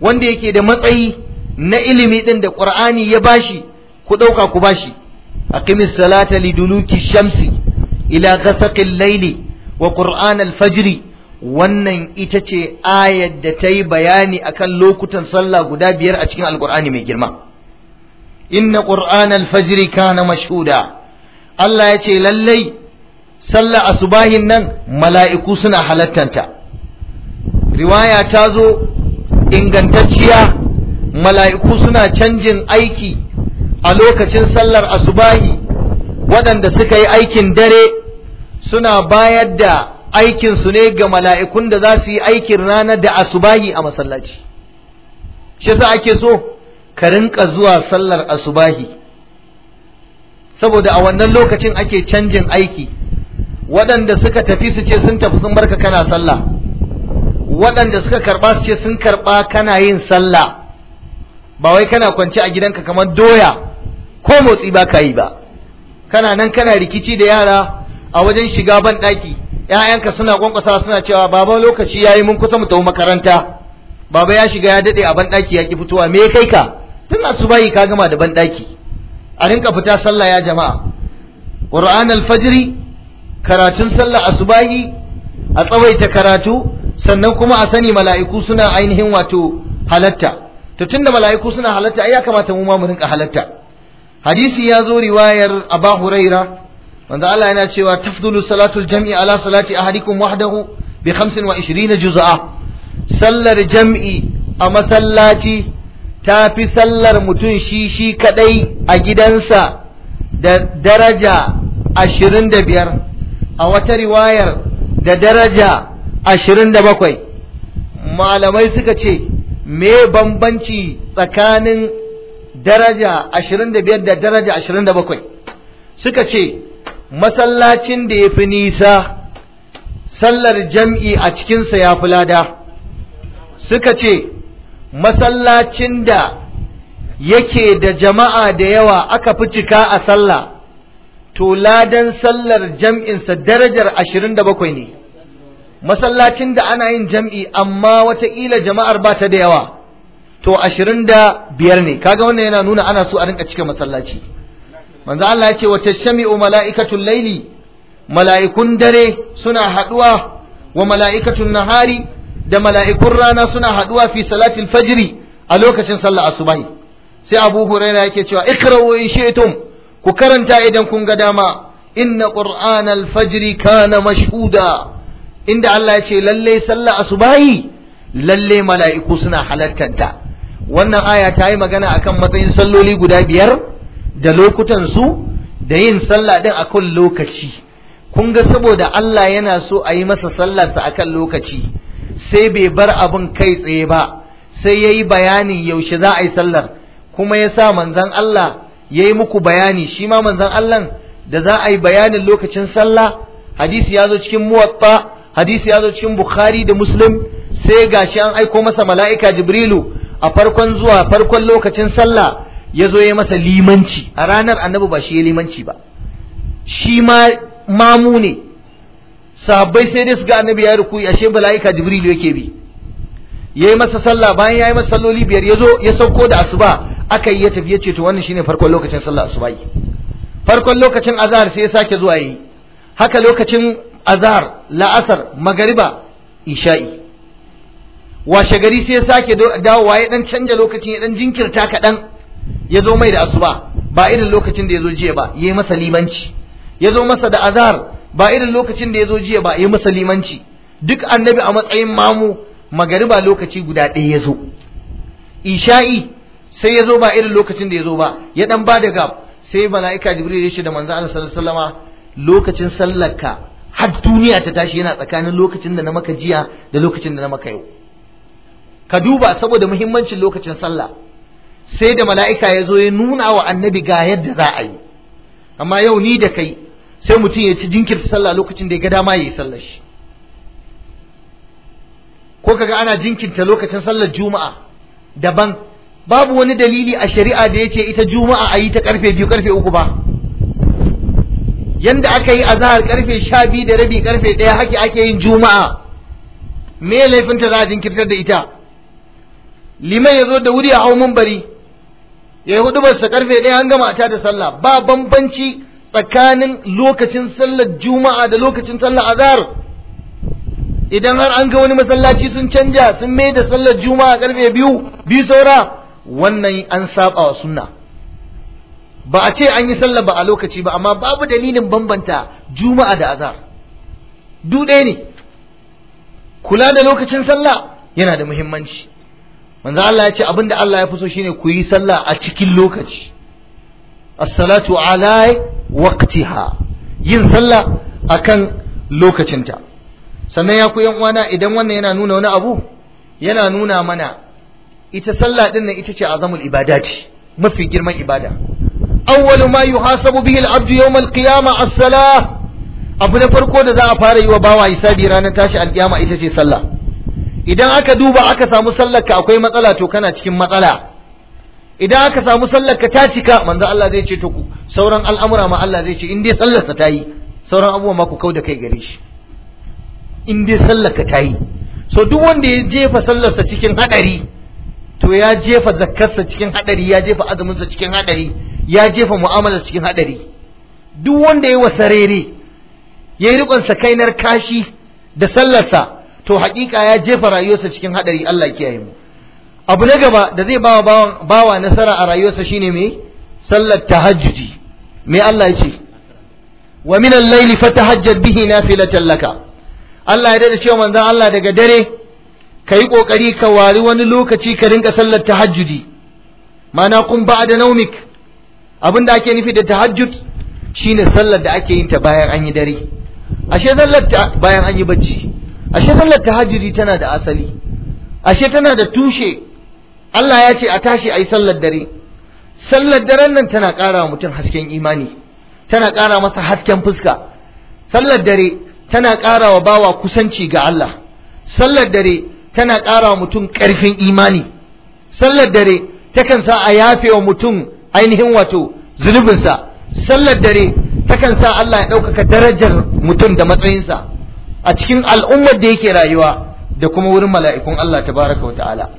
wanda yake da matsayi na ilimi din da qur'ani ya bashi ku dauka ku bashi aqimis salata liduluki shamsi ila ghasaqil layli wa qur'an al wannan ita ce ayar da ta yi bayani akan lokutan sallah guda biyar a cikin alkurani mai girma inna qur'an al-fajr kana mashhuda Allah ya ce lallai sallar asubahin nan mala'iku suna halattanta riwaya ta zo ingantacciya mala'iku suna canjin aiki a lokacin sallar asubahi waɗanda suka yi aikin dare suna bayar da aikinsu ne ga mala'ikun da za su yi aikin rana da asubahi a masallaci shi sa ake so ka rinka zuwa sallar asubahi saboda a wannan lokacin ake canjin aiki waɗanda suka tafi su ce sun tafi sun barka kana sallah waɗanda suka karɓa su ce sun karɓa kana yin sallah ba wai kana kwance a gidanka kamar doya ko motsi ba ka yi ba kana nan kana rikici da yara a wajen shiga ban ɗaki ‘ya'yanka suna kwankwasa suna cewa baba lokaci ya yi mun kusa mu tafi makaranta baba ya shiga ya daɗe a banɗaki ya ki fitowa me kai ka tun bayi ka gama da banɗaki a rinka fita sallah ya jama'a alfajiri karatun sallah asubahi a tsawaita karatu sannan kuma a sani mala'iku suna ainihin wato halatta to tunda mala'iku suna halatta ai ya kamata mu ma mu rinka halatta hadisi ya zo riwayar aba Huraira manzo Allah yana cewa tafdulu salatul jam'i ala salati ahadikum wahdahu bi 25 juz'a sallar jam'i a masallaci ta fi sallar mutum shi shi kadai a gidansa da daraja 25 a wata riwayar da daraja ashirin da bakwai malamai suka ce me bambanci tsakanin daraja ashirin da biyar da daraja ashirin da bakwai suka ce masallacin da ya fi nisa sallar jam'i a cikinsa ya fi lada suka ce masallacin da yake da jama'a da yawa aka fi cika a sallah to ladan sallar jam'insa darajar ashirin da bakwai ne masallacin da ana yin jam'i amma wataƙila jama'ar ba ta da yawa to ashirin biyar ne kaga wannan yana nuna ana so a rinka cika masallaci manzo Allah ya ce wa tashmi'u mala'ikatul laili mala'ikun dare suna haduwa wa mala'ikatun nahari da mala'ikun rana suna haduwa fi salatil fajri a lokacin sallar asubahi sai Abu Hurairah yake cewa ikra'u in shi'tum ku karanta idan kun ga dama inna qur'an al-fajr kana mashhuda inda Allah ya ce lalle sallah asubahi lalle mala'iku suna halattanta wannan aya ta yi magana akan matsayin salloli guda biyar da lokutan su da yin sallah din akan lokaci kun ga saboda Allah yana so a yi masa sallarsa akan lokaci sai bai bar abin kai tsaye ba sai ya yi bayanin yaushe za a yi sallar kuma ya sa manzon Allah ya yi muku bayani shi ma manzan Allah da za a yi bayanin lokacin sallah hadisi ya zo cikin muwatta hadisi ya zo cikin bukhari da muslim sai gashi an aiko masa mala'ika jibrilu a farkon zuwa farkon lokacin sallah ya zo ya masa limanci a ranar annabi ba shi ya limanci ba shi ma mamu ne sahabbai sai dai su ga annabi ya ruku ashe mala'ika jibrilu yake bi ya yi masa sallah bayan ya yi masa salloli biyar ya zo ya sauko da asuba aka yi ya tafiye ce to wannan shine farkon lokacin sallah asubahi farkon lokacin azhar sai ya sake zuwa yi haka lokacin azhar la'asar magariba isha'i washe gari sai ya sake dawowa ya dan canja lokacin ya dan jinkirta kaɗan ya zo mai da asuba ba irin lokacin da ya zo jiya ba ya yi masa limanci ya zo masa da azhar ba irin lokacin da ya zo jiya ba ya yi masa limanci duk annabi a matsayin mamu magariba lokaci guda ɗaya ya zo isha'i sai ya zo ba irin lokacin da ya zo ba ya dan ba da gab sai mala'ika jibril ya shi da manzo Allah sallallahu alaihi wasallama lokacin sallarka har duniya ta tashi yana tsakanin lokacin da na maka jiya da lokacin da na maka yau ka duba saboda muhimmancin lokacin sallah sai da mala'ika ya zo ya nuna wa annabi ga yadda za a yi amma yau ni da kai sai mutum ya ci jinkirta sallah lokacin da ya ga dama ya sallar shi ko kaga ana jinkirta lokacin sallar juma'a daban babu wani dalili a shari'a da yace ita juma'a ayi ta karfe biyu karfe uku ba yanda aka yi azahar karfe sha da rabi karfe ɗaya haki ake yin juma'a me laifinta za a jinkirtar da ita liman ya zo da wuri a hau mambari ya yi hudubar sa karfe ɗaya an gama a da sallah ba bambanci tsakanin lokacin sallar juma'a da lokacin sallar azhar idan har an ga wani masallaci sun canja sun mai da sallar juma'a karfe biyu biyu saura wannan an saba wa sunna ba a ce an yi sallah ba a lokaci ba amma babu dalilin bambanta juma'a da azhar duk ɗaya ne kula da lokacin sallah yana da muhimmanci manzo Allah ya ce abinda Allah ya fi so shine ku yi sallah a cikin lokaci as-salatu ala waqtiha yin sallah akan lokacinta sannan ya ku yan uwana idan wannan yana nuna wani abu yana nuna mana ita sallah din nan ita ce azamul ibadati mafi girman ibada awwalu ma yuhasabu bihi al-abdu yawm al-qiyamah as-salah abu na farko da za a fara yi wa bawa hisabi ranar tashi al-qiyama ita ce sallah idan aka duba aka samu sallar ka akwai matsala to kana cikin matsala idan aka samu sallar ka ta cika manzo Allah zai ce to ku sauran al'amura ma Allah zai ce in dai sallar ta yi sauran abubuwa ma ku da kai gare shi in dai sallar ka ta yi so duk wanda ya jefa sallarsa cikin hadari to ya jefa zakkarsa cikin hadari ya jefa azuminsa cikin hadari ya jefa mu'amalarsa cikin hadari duk wanda ya wasarere ya yi sa kainar kashi da sallarsa to hakika ya jefa rayuwarsa cikin hadari Allah ya kiyaye mu abu na gaba da zai bawa bawa nasara a rayuwarsa shine me sallar tahajjudi me Allah ya ce wa min al-layli fatahajjad bihi nafilatan laka Allah ya dade cewa manzon Allah daga dare ka yi ƙoƙari ka wari wani lokaci ka rinka sallar tahajjudi mana kun ba da naumik abin da ake nufi da tahajjud shine sallar da ake yin ta bayan an yi dare ashe sallar ta bayan an yi bacci ashe sallar tahajjudi tana da asali ashe tana da tushe Allah ya ce a tashi a yi sallar dare sallar daren nan tana ƙara wa mutum hasken imani tana ƙara masa hasken fuska sallar dare tana ƙara wa bawa kusanci ga Allah sallar dare tana ƙara mutum ƙarfin imani sallar dare takan sa a yafe wa mutum ainihin wato zunubinsa sallar dare takan sa Allah ya ɗaukaka darajar mutum da matsayinsa a cikin al'ummar da yake rayuwa da kuma wurin mala'ikun Allah tabaraka wa ta'ala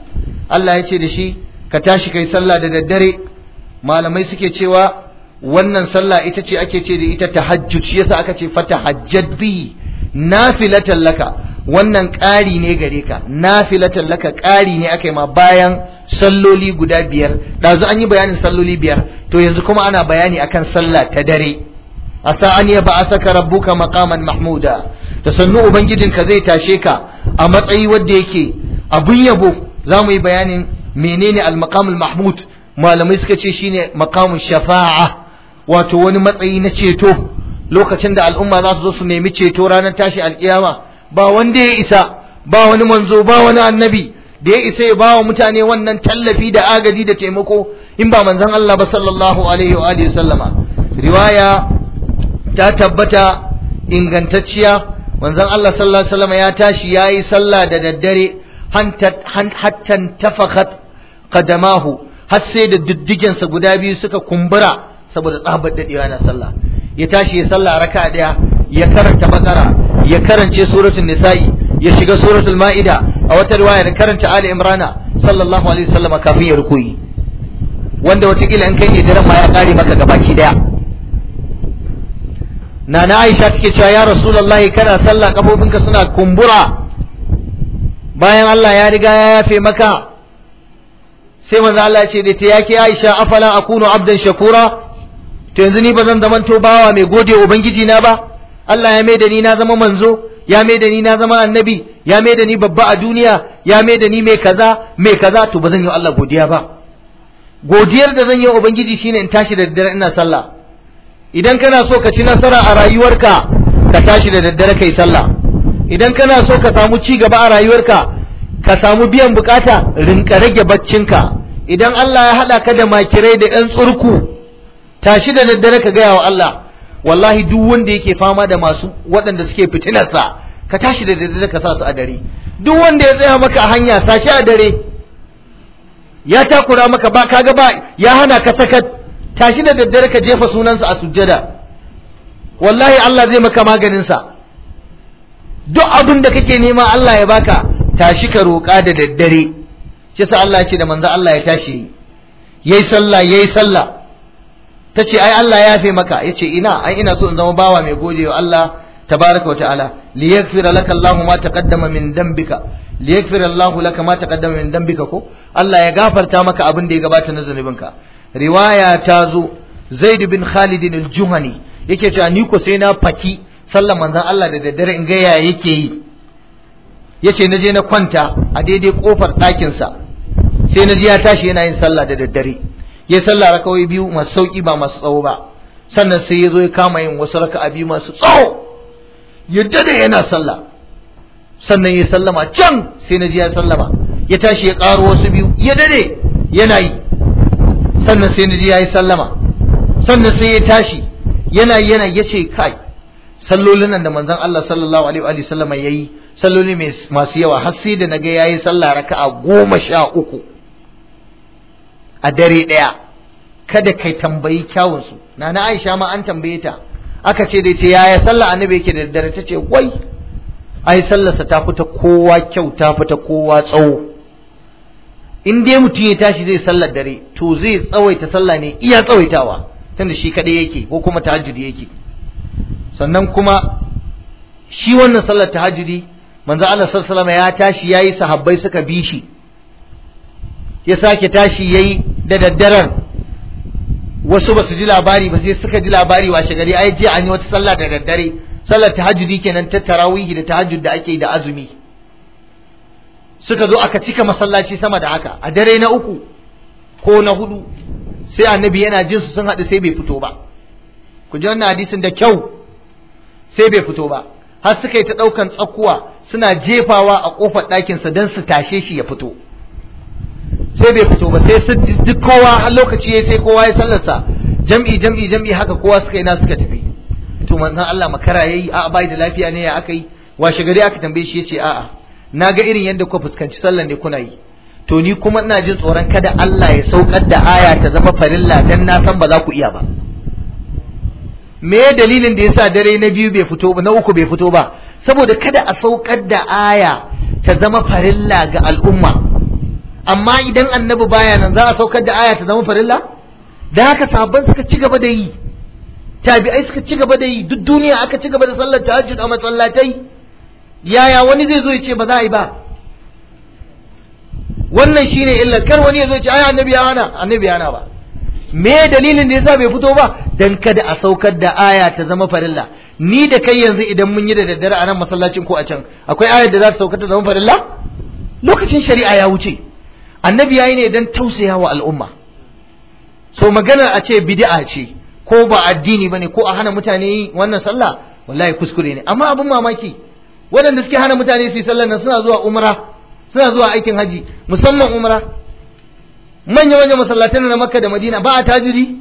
Allah ya ce da shi ka tashi kai sallah da daddare malamai suke cewa wannan sallah ita ce ake ce da ita tahajjud shi yasa aka ce fatahajjad bihi nafilatan laka wannan ƙari ne gare ka nafilatan laka ƙari ne aka yi ma bayan salloli guda biyar ɗazu an yi bayanin salloli biyar to yanzu kuma ana bayani akan sallah ta dare asa an ya ba saka rabuka makaman mahmuda da sannu ubangijinka zai tashe ka a matsayi wanda yake abun yabo za mu yi bayanin menene almakamin mahmud malamai suka ce shine makamin shafa'a wato wani matsayi na ceto lokacin da al'umma za su zo su nemi ceto ranar tashi alkiyama ba wanda ya isa ba wani manzo ba wani annabi da ya isa ya bawa mutane wannan tallafi da agaji da taimako in ba manzon Allah ba sallallahu alaihi wa alihi sallama riwaya ta tabbata ingantacciya manzon Allah sallallahu alaihi wasallam ya tashi yayi sallah da daddare hattan tafakat qadamahu har sai da diddigensa guda biyu suka kumbura saboda tsabar dadewa na sallah ya tashi ya sallah raka'a daya ya karanta bakara ya karance suratul nisa'i ya shiga suratul ma'ida a wata riwayar karanta ali imrana sallallahu alaihi wasallam kafin ya rukuyi wanda watakila in kai ne da rafa ya kare maka gabaki daya nana aisha take cewa ya rasulullahi kana sallah kafofinka suna kumbura bayan Allah ya riga ya yafe maka sai manzo Allah ya ce da ta ke aisha afala akunu abdan shakura to yanzu ni bazan zamanto bawa mai gode ubangiji na ba Allah ya mai da ni na zama manzo ya mai da ni na zama annabi ya mai da ni babba a duniya ya mai da ni mai kaza mai kaza to ba zan yi Allah godiya ba godiyar da zan yi ubangiji shine in tashi da daddare ina sallah idan kana so ka ci nasara a rayuwarka ka tashi da daddare kai sallah idan kana so ka samu ci gaba a rayuwarka ka samu biyan bukata rinka rage baccinka idan Allah ya hada ka da makirai da ɗan tsurku tashi da daddare ka gaya wa Allah wallahi duk wanda yake fama da masu waɗanda suke fitinarsa ka tashi da daddare ka sa su a dare duk wanda ya tsaya maka a hanya sashi a dare ya takura maka ba kaga ba ya hana ka saka tashi da daddare ka jefa sunansa a sujjada wallahi Allah zai maka maganin sa duk abin da kake nema Allah ya baka tashi ka roƙa da daddare shi sa Allah ya ce da manzo Allah ya tashi yayi sallah yayi sallah ta ce ai Allah ya yafe maka ya ce ina ai ina so in zama bawa mai gode wa Allah tabaraka wa ta'ala li yaghfira laka Allah ma taqaddama min dambika li yaghfira Allah laka ma taqaddama min dambika ko Allah ya gafarta maka abin da ya gabata na zunubinka riwaya ta zo Zaid bin Khalid al-Juhani yake cewa ni ko sai na faki sallan manzon Allah da daddare in ga ya yake yi yace naje na kwanta a daidai kofar ɗakinsa sai na ji ya tashi yana yin sallah da daddare ya sallah rakawai biyu masu sauki ba masu tsawo ba sannan sai ya zo ya kama yin wasu raka'a biyu masu tsawo ya dade yana sallah sannan ya sallama can sai na ji ya sallama ya tashi ya ƙaro wasu biyu ya dade yana yi sannan sai na ji ya yi sallama sannan sai ya tashi yana yana ya ce kai sallolin nan da manzon Allah sallallahu alaihi wa sallama yayi salloli masu yawa har sai da naga yayi sallah raka'a goma sha uku a dare ɗaya kada kai tambayi kyawunsu na na aisha ma an tambaye ta aka ce dai ce yaya sallah annabi yake da dare ta ce wai ai sallarsa ta fita kowa kyau ta fita kowa tsawo in dai mutum ya tashi zai sallar dare to zai tsawaita sallah ne iya tsawaitawa tunda shi kadai yake ko kuma tahajjudi yake sannan kuma shi wannan sallar tahajjudi manzo Allah sallallahu ya tashi yayi sahabbai suka bi shi ya sake tashi yayi da daddaren wasu ba su ji labari ba sai suka ji labari washe gari ai jiya an yi wata sallah da daddare sallar tahajjudi kenan ta tarawihi da tahajjud da ake da azumi suka zo aka cika masallaci sama da haka a dare na uku ko na hudu sai annabi yana jin su sun haɗu sai bai fito ba ku ji wannan hadisin da kyau sai bai fito ba har suka yi ta ɗaukan tsakuwa suna jefawa a ƙofar ɗakinsa don su tashe shi ya fito sai bai fito ba sai duk kowa har lokaci yayi sai kowa ya sallarsa jam'i jam'i jam'i haka kowa suka yi na suka tafi to manzon Allah makara yayi a bai da lafiya ne ya akai washe gari aka tambaye shi yace a'a na ga irin yadda kuka fuskanci sallar ne kuna yi to ni kuma ina jin tsoron kada Allah ya saukar da aya ta zama farilla dan na san ba za ku iya ba me dalilin da yasa dare na biyu bai fito ba na uku bai fito ba saboda kada a saukar da aya ta zama farilla ga al'umma amma idan annabi baya nan za a saukar da aya ta zama farilla da haka sabon suka ci gaba da yi tabi'ai suka ci gaba da yi duk duniya aka ci gaba da sallar tahajjud a matsalatai? yaya wani zai zo ya ce ba za a yi ba wannan shine illa kar wani ya zo ya ce ai annabi ya ana?" annabi ya ba me dalilin da yasa bai fito ba dan kada a saukar da aya ta zama farilla ni da kai yanzu idan mun yi da daddare a nan masallacin ko a can akwai ayar da za ta saukar ta zama farilla lokacin shari'a ya wuce annabi ya yi ne don tausaya wa al'umma so magana a ce bid'a ce ko ba addini ne ko a hana mutane wannan sallah wallahi kuskure ne amma abin mamaki waɗanda suke hana mutane su yi sallar nan suna zuwa umra suna zuwa aikin haji musamman umra manya manya masallatan na makka da madina ba a tajiri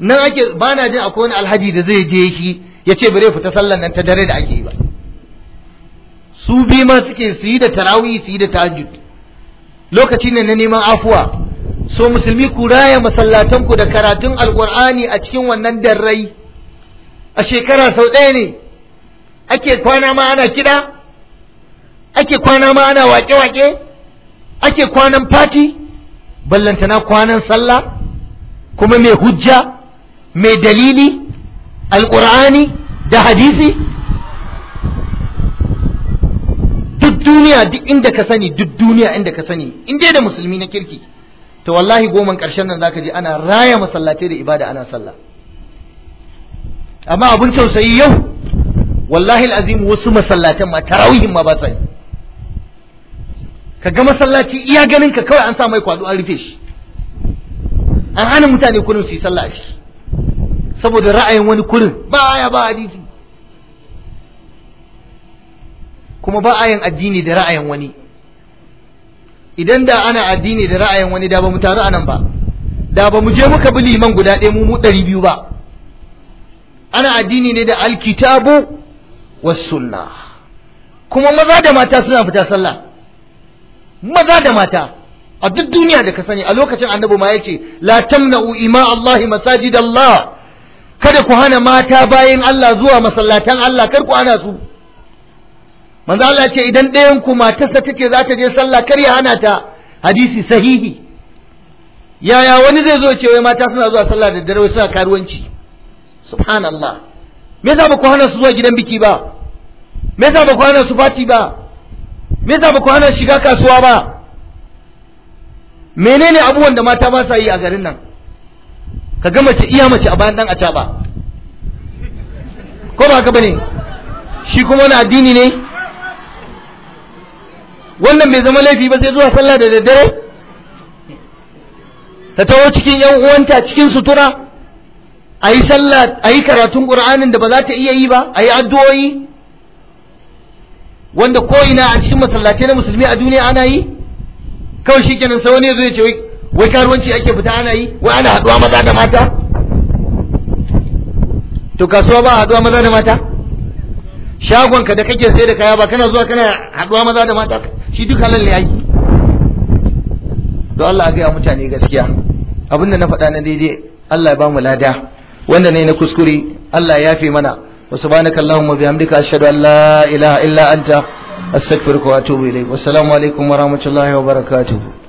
nan ake ba na jin akwai wani alhaji da zai je shi ya ce bare fita sallar nan ta dare da ake yi ba su bi ma suke su yi da tarawih su yi da tajiri lokaci ne na neman afuwa so musulmi ku raya ku da karatun alkur'ani a cikin wannan darrai a shekara sau ɗaya ne ake kwana ma ana kiɗa ake kwana ma ana wake-wake ake kwanan fati ballantana kwanan sallah kuma mai hujja mai dalili alkur'ani da hadisi duniya duk inda ka sani duk duniya inda ka sani in dai da musulmi na kirki to wallahi goman karshen nan zaka ji ana raya masallatai da ibada ana sallah amma abun tausayi yau wallahi alazim wasu masallatan ma tarawihin ma ba sa ka ga masallaci iya ganin ka kawai an sa mai kwado an rufe shi an hana mutane kurin su yi sallah a ciki saboda ra'ayin wani kurin ba ya ba hadisi kuma ba a yin addini da ra'ayin wani idan da ana addini da ra'ayin wani da ba mu taru a ba da ba mu je muka bi liman guda ɗaya mu mu ɗari biyu ba ana addini ne da alkitabu was sunna kuma maza da mata suna fita sallah maza da mata a duk duniya da ka sani a lokacin annabi ma yace la tamna'u ima Allah masajid Allah kada ku hana mata bayin Allah zuwa masallatan Allah kar ku hana su manzo Allah ce idan ɗayan ku matarsa ce za ta je sallah kar ya hana ta hadisi sahihi yaya wani zai zo ce wai mata suna zuwa sallah da dare wai suna karuwanci subhanallah me yasa ba ku hana su zuwa gidan biki ba me yasa ba ku hana su fati ba me yasa ba ku hana shiga kasuwa ba menene abubuwan da mata ba sa yi a garin nan ka ga mace iya mace a bayan dan a ba ko ba ka bane shi kuma wani addini ne wannan bai zama laifi ba sai zuwa sallah da daddare ta taho cikin yan uwanta cikin sutura a yi sallah a yi karatun ƙur'anin da ba za ta iya yi ba a yi addu'o'i wanda ko'ina a cikin masallatai na musulmi a duniya ana yi kawai shi kenan sai wani ya zo ya ce wai karuwanci ake fita ana yi wai ana haɗuwa maza da mata to kasuwa ba haɗuwa maza da mata shagonka da kake sai da kaya ba kana zuwa kana haɗuwa maza da mata shi duk halal ne ai don Allah ga mutane gaskiya abinda na faɗa na daidai Allah ya ba mu lada wanda ne na kuskure Allah ya yafe mana wa subhanaka allahumma bihamdika ashhadu an la ilaha illa anta astaghfiruka wa atubu wa assalamu alaikum wa rahmatullahi wa barakatuh